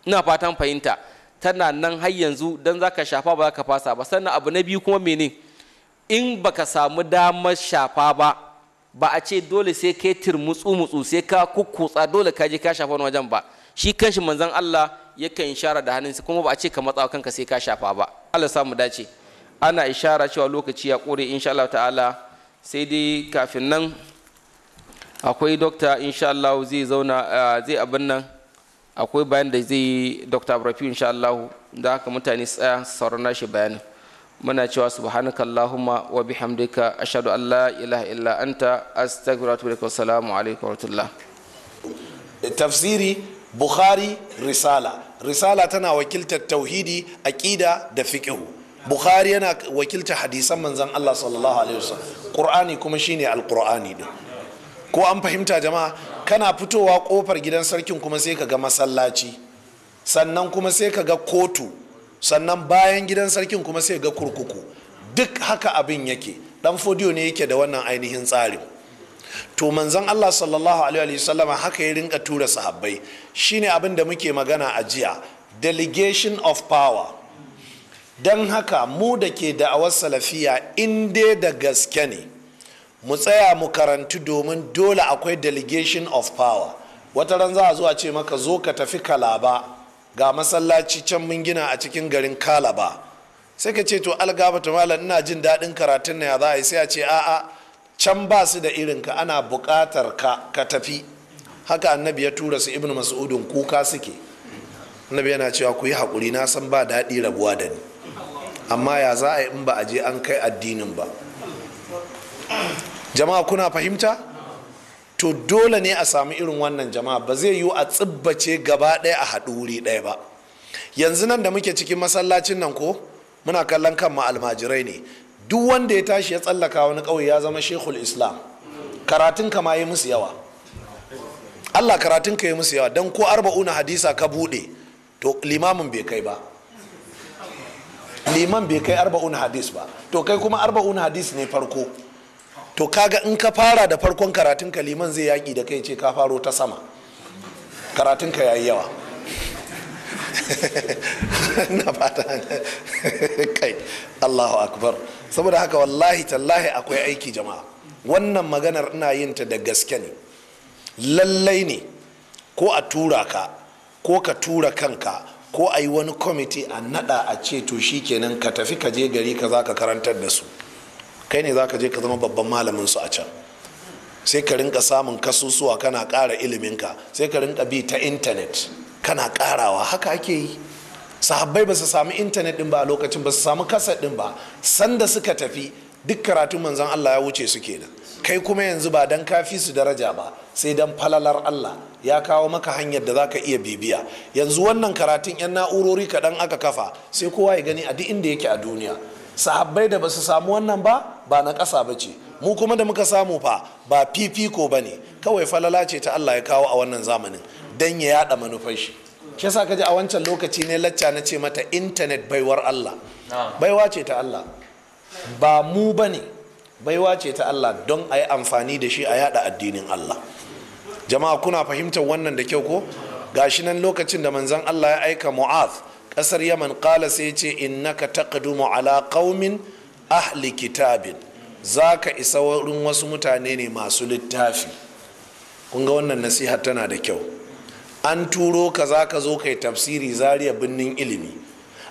ina fatan fahimta tana nan har yanzu dan zaka shafa ba zaka fasa ba sannan abu na biyu kuma menene in baka samu damar shafa ba ba a ce dole sai kai turmutsu mutsu sai ka kukkutsa dole ka je ka shafa wani wajen ba shi kanshi manzan Allah yakan ishara da hannunsa kuma ba a ce ka matsa kanka sai ka shafa ba Allah samu dace ana ishara cewa lokaci ya kore insha Allah ta'ala sai dai kafin nan akwai dokta insha Allah zai zauna zai abin nan akwai bayan da zai dokta Abrafi insha Allah da haka mutane tsaya saurana shi bayanin muna cewa subhanaka allahumma wa bihamdika ashhadu an la ilaha illa anta astaghfiruka wa atubu ilaik assalamu alaikum wa rahmatullah tafsiri bukhari risala risala tana wakiltar tauhidi aqida da fiqh bukhari yana wakiltar hadisan manzon Allah sallallahu alaihi wasallam qur'ani kuma shine alqur'ani din ko an fahimta jama'a kana fitowa kofar gidan sarkin kuma sai ka ga masallaci sannan kuma sai ka ga kotu sannan bayan gidan sarkin kuma sai ga kurkuku duk haka abin yake dan fodiyo ne yake da wannan ainihin tsarin to manzon Allah sallallahu alaihi wasallama haka ya rinka tura sahabbai shine abin da muke magana a jiya delegation of power don haka mu da ke da salafiya in dai da gaske ne mu tsaya mu karantu domin dole akwai delegation of power wata ran za a zuwa ce maka zo ka tafi kalaba ga masallaci can mun gina a cikin garin ba. sai ka ce to algabata malam ina jin daɗin karatun na ya za a yi sai a ce a'a can ba su da ka. ana buƙatar ka ka tafi haka annabi ya tura su ibnu mas'udin kuka suke annabi yana cewa ku yi haƙuri na san ba daɗi rabuwa da ni amma ya za a yi in ba a je an kai addinin ba jama'a kuna fahimta to dole ne a samu irin wannan jama'a ba zai yiwu a tsibbace gaba ɗaya a haɗu wuri ɗaya ba yanzu nan da muke cikin masallacin nan ko muna kallon kan almajirai ne duk wanda ya tashi ya tsallaka wani ƙauye ya zama shekul islam karatun ka ma yi musu yawa allah karatun ka yi musu yawa don ko arba'una hadisa ka buɗe to limamin bai kai ba liman bai kai arba'una hadis ba to kai kuma arba'una hadis ne farko to kaga in ka fara da farkon karatun kaliman zai yaƙi da kai ce ka faro ta sama karatun ka yayi yawa na fata kai allahu akbar saboda haka wallahi tallahi akwai aiki jama'a wannan maganar ina yin ta da gaske ne lallai ne ko a tura ka ko ka tura kanka ko a yi wani kwamiti a nada a ce to shi kenan ka tafi ka je gari ka za ka karantar da su kai ne za ka je ka zama babban malamin su a can sai ka rinka samun kasusuwa kana ƙara iliminka sai ka rinka bi ta intanet kana ƙarawa haka ake yi sahabbai ba su sami intanet din ba a lokacin ba su sami kasar din ba sanda suka tafi duk karatun manzon Allah ya wuce su kenan kai kuma yanzu ba dan kafi su daraja ba sai dan falalar Allah ya kawo maka hanyar da zaka iya bibiya yanzu wannan karatun yan na'urori kaɗan aka kafa sai kowa ya gani a duk inda yake a duniya sahabbai da ba su samu wannan ba ba na ƙasa ba ce mu kuma da muka samu fa ba fifiko ba ne kawai falala ce ta Allah ya kawo a wannan zamanin don ya yada manufar shi shi sa kaji a wancan lokaci ne lacca na ce mata intanet baiwar Allah baiwa ce ta Allah ba mu ba ne baiwa ce ta Allah don a yi amfani da shi a yada addinin Allah jama'a kuna fahimtar wannan da kyau ko gashi nan lokacin da manzon Allah ya aika mu'az kasar yaman kala sai ce innaka taqdumu ala qaumin ahli kitabin zaka isa wurin wasu mutane ne masu littafi kun ga wannan nasiha tana da kyau an turo ka zaka zo kai tafsiri zariya binnin ilimi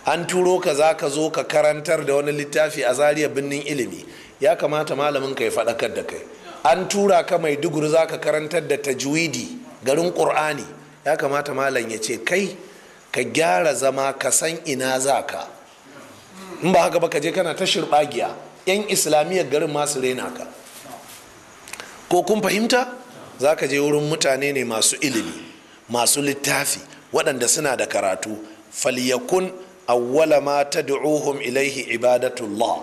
an turo ka zaka zo ka karantar da wani littafi a zariya binnin ilimi ya kamata malamin ka ya faɗakar da kai an tura ka mai duguri zaka karantar da tajwidi garin ƙur'ani ya kamata malam ya ce kai ka gyara zama ka san ina za ka in ba haka ba ka je kana ta shirɓagiya yan islamiyya garin masu rena ka ko kun fahimta za ka je wurin mutane ne masu ilimi masu littafi waɗanda suna da karatu falyakun awwala ma ta tad'uhum ilaihi ibadatullah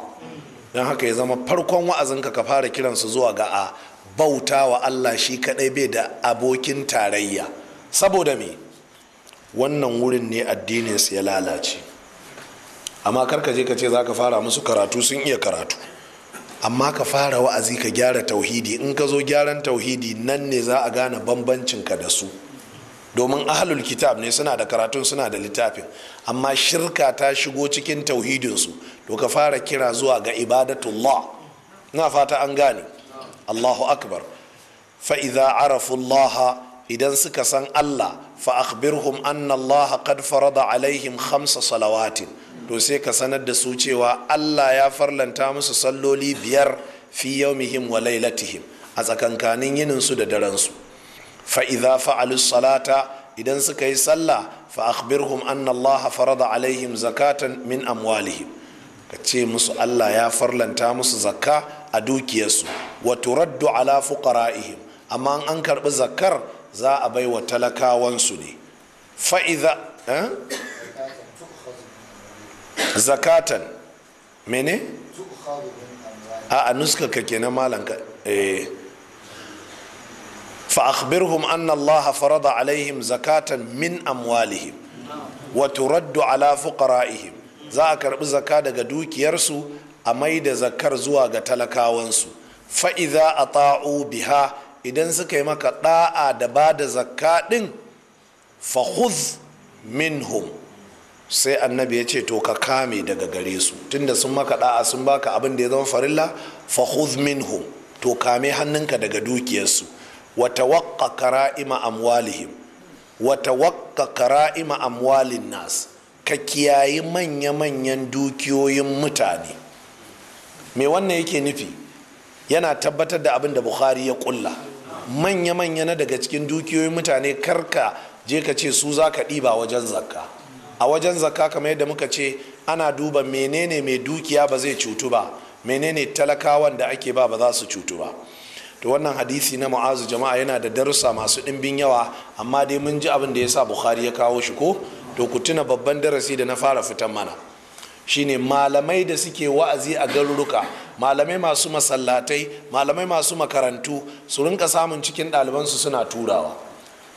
don haka ya zama farkon wa'azinka ka fara kiransu zuwa ga a bauta wa Allah shi kaɗai bai da abokin tarayya saboda me wannan wurin ne addininsu ya lalace amma karka je ka ce za ka fara musu karatu sun iya karatu amma ka fara wa'azi ka gyara tauhidi in ka zo gyaran tauhidi nan ne za a gane bambancin ka da su domin ahalul kitab ne suna da karatun suna da littafin amma shirka ta shigo cikin tauhidinsu to ka fara kira zuwa ga ibadatullah na fata an gane allahu akbar fa'iza arafullaha idan suka san Allah fa akhbirhum anna Allah qad farada alaihim khamsa salawatin to sai ka sanar da su cewa Allah ya farlanta musu salloli biyar fi yawmihim wa lailatihim a tsakankanin yinin su da daren su fa idza fa'alu salata idan suka yi sallah fa akhbirhum anna Allah farada alaihim zakatan min amwalihim ka ce musu Allah ya farlanta musu zakka a dukiyarsu wa turaddu ala fuqara'ihim amma an karbi zakkar za a bai wa talakawansu ne fa'iza eh? zakatan mene? a a nuskarka na malanka eh فأخبرهم أن farada فرض zakatan min amwalihim. Wato raddu على فقرائهم za a karɓi zaka daga dukiyarsu a mai da zakar zuwa ga talakawansu fa'iza a ta'u biha idan suka yi maka da'a da ba da zakka din fahuz minhum sai annabi ya ce to ka kame daga gare su tunda sun maka da'a sun baka abin da ya zama farilla fahuz minhum to kame hannunka daga dukiyarsu Wata wa kara ima amwalihim waka kara ima amwalin nas ka kiyayi manya-manyan dukiyoyin mutane me wannan yake nufi yana tabbatar da abin da buhari ya kulla manya-manya na daga cikin dukiyoyin mutane karka je ka ce su za ka ɗiba wajen zakka a wajen zakka kamar yadda muka ce ana duba menene mai dukiya ba zai cutu ba menene talakawan da ake ba ba za su cutu ba to wannan hadisi na ma'azu jama'a yana da darussa masu ɗimbin yawa amma dai mun ji abin da ya sa bukhari ya kawo shi ko to ku tuna babban darasi da na fara fitan mana shine malamai da suke wa'azi a garuruka malamai masu masallatai malamai masu makarantu su rinka samun cikin ɗalibansu suna turawa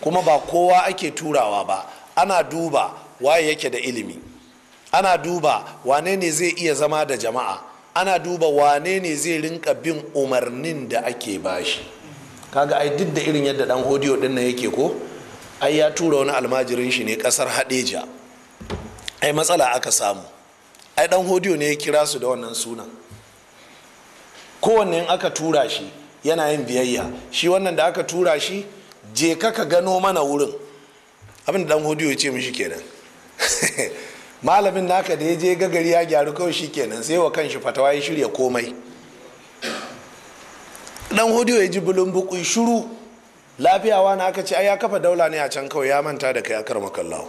kuma ba kowa ake turawa ba ana duba waye yake da ilimi ana duba wane ne zai iya zama da jama'a ana duba wane ne zai rinka bin umarnin da ake bashi kaga ai duk da irin yadda dan hodiyo din nan yake ko ai ya tura wani almajirin shi ne kasar hadeja ai matsala aka samu ai dan hodiyo ne ya kira su da wannan sunan kowanne aka tura shi yana yin biyayya shi wannan da aka tura shi je ka ka gano mana wurin abin da dan hodiyo ya ce mishi kenan malamin naka da ya je gagari ya gyaru kawai shi kenan sai wa kan shi fatawa ya shirya komai dan hodiyo ya ji bulumbuku shuru lafiyawa na aka ce ai ya kafa daula ne a can kawai ya manta da kai a makallahu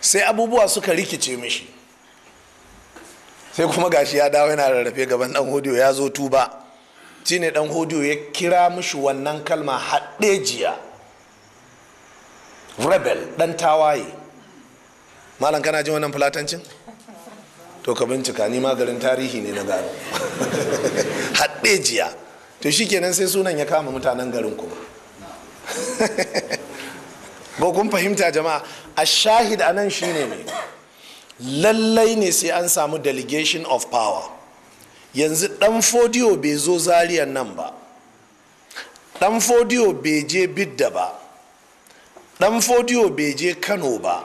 sai abubuwa suka rikice mishi sai kuma gashi ya dawo yana rarrafe gaban dan hodiyo ya zo tuba ne dan hodiyo ya kira mishi wannan kalma jiya. rebel dan tawaye malam kana jin wannan fulatancin to ka bincika ni garin tarihi ne na gano jiya. to shikenan sai sunan ya kama mutanen garin kuma ko kun fahimta jama'a a shahid anan shine ne lallai ne sai an samu delegation of power yanzu dan fodiyo bai zo zariyan nan ba dan fodiyo bai je bidda ba dan fodiyo bai je kano ba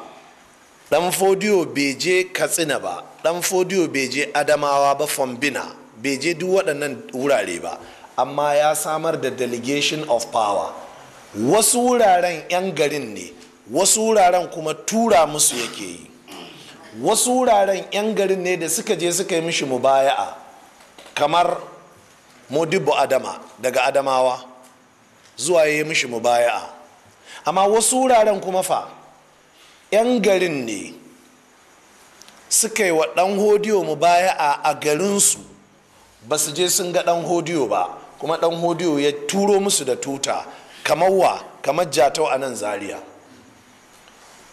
dan fodiyo bai je katsina ba dan fodiyo bai je adamawa ba fombina bai je duk waɗannan wurare ba amma ya samar da delegation of power wasu wuraren 'yan garin ne wasu wuraren kuma tura musu yake yi wasu wuraren 'yan garin ne da suka je suka yi mishi mubaya'a kamar modibo adama daga adamawa zuwa ya yi mishi mubaya'a amma wasu wuraren kuma fa 'yan garin ne suka yi wa dan hodiyo mubaya'a a garinsu ba su je sun ga dan hodiyo ba kuma dan hodiyo ya turo musu da tuta kamar wa kamar jatau a nan Zariya.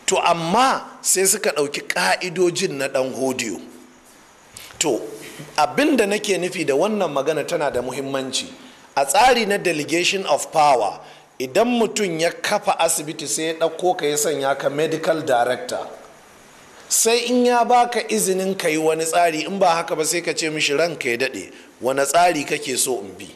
to amma sai suka ɗauki ƙa'idojin na ɗan hodiyo to abin da nake nufi da wannan magana tana da muhimmanci a tsari na delegation of power idan mutum ya kafa asibiti sai ya ɗauko ka ya sanya ka medical director sai in ya baka izinin ka yi wani tsari in ba haka ba sai ka ce mishi ka ya daɗe wani tsari kake so in bi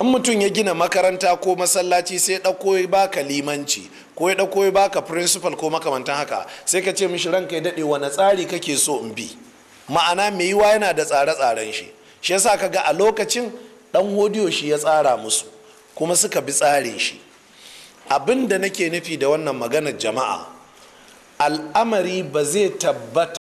in mutum ya gina makaranta ko masallaci sai ɗauko ya baka limanci ko ya ɗauko ya baka principal ko makamantan haka sai ka ce mishi ranka ya daɗe wani tsari kake so in bi ma'ana mai yiwa yana da tsare-tsaren shi shi yasa ka ga a lokacin ɗan hodiyo shi ya tsara musu kuma suka bi tsarin shi abin da nake nufi da wannan maganar jama'a al'amari ba zai tabbata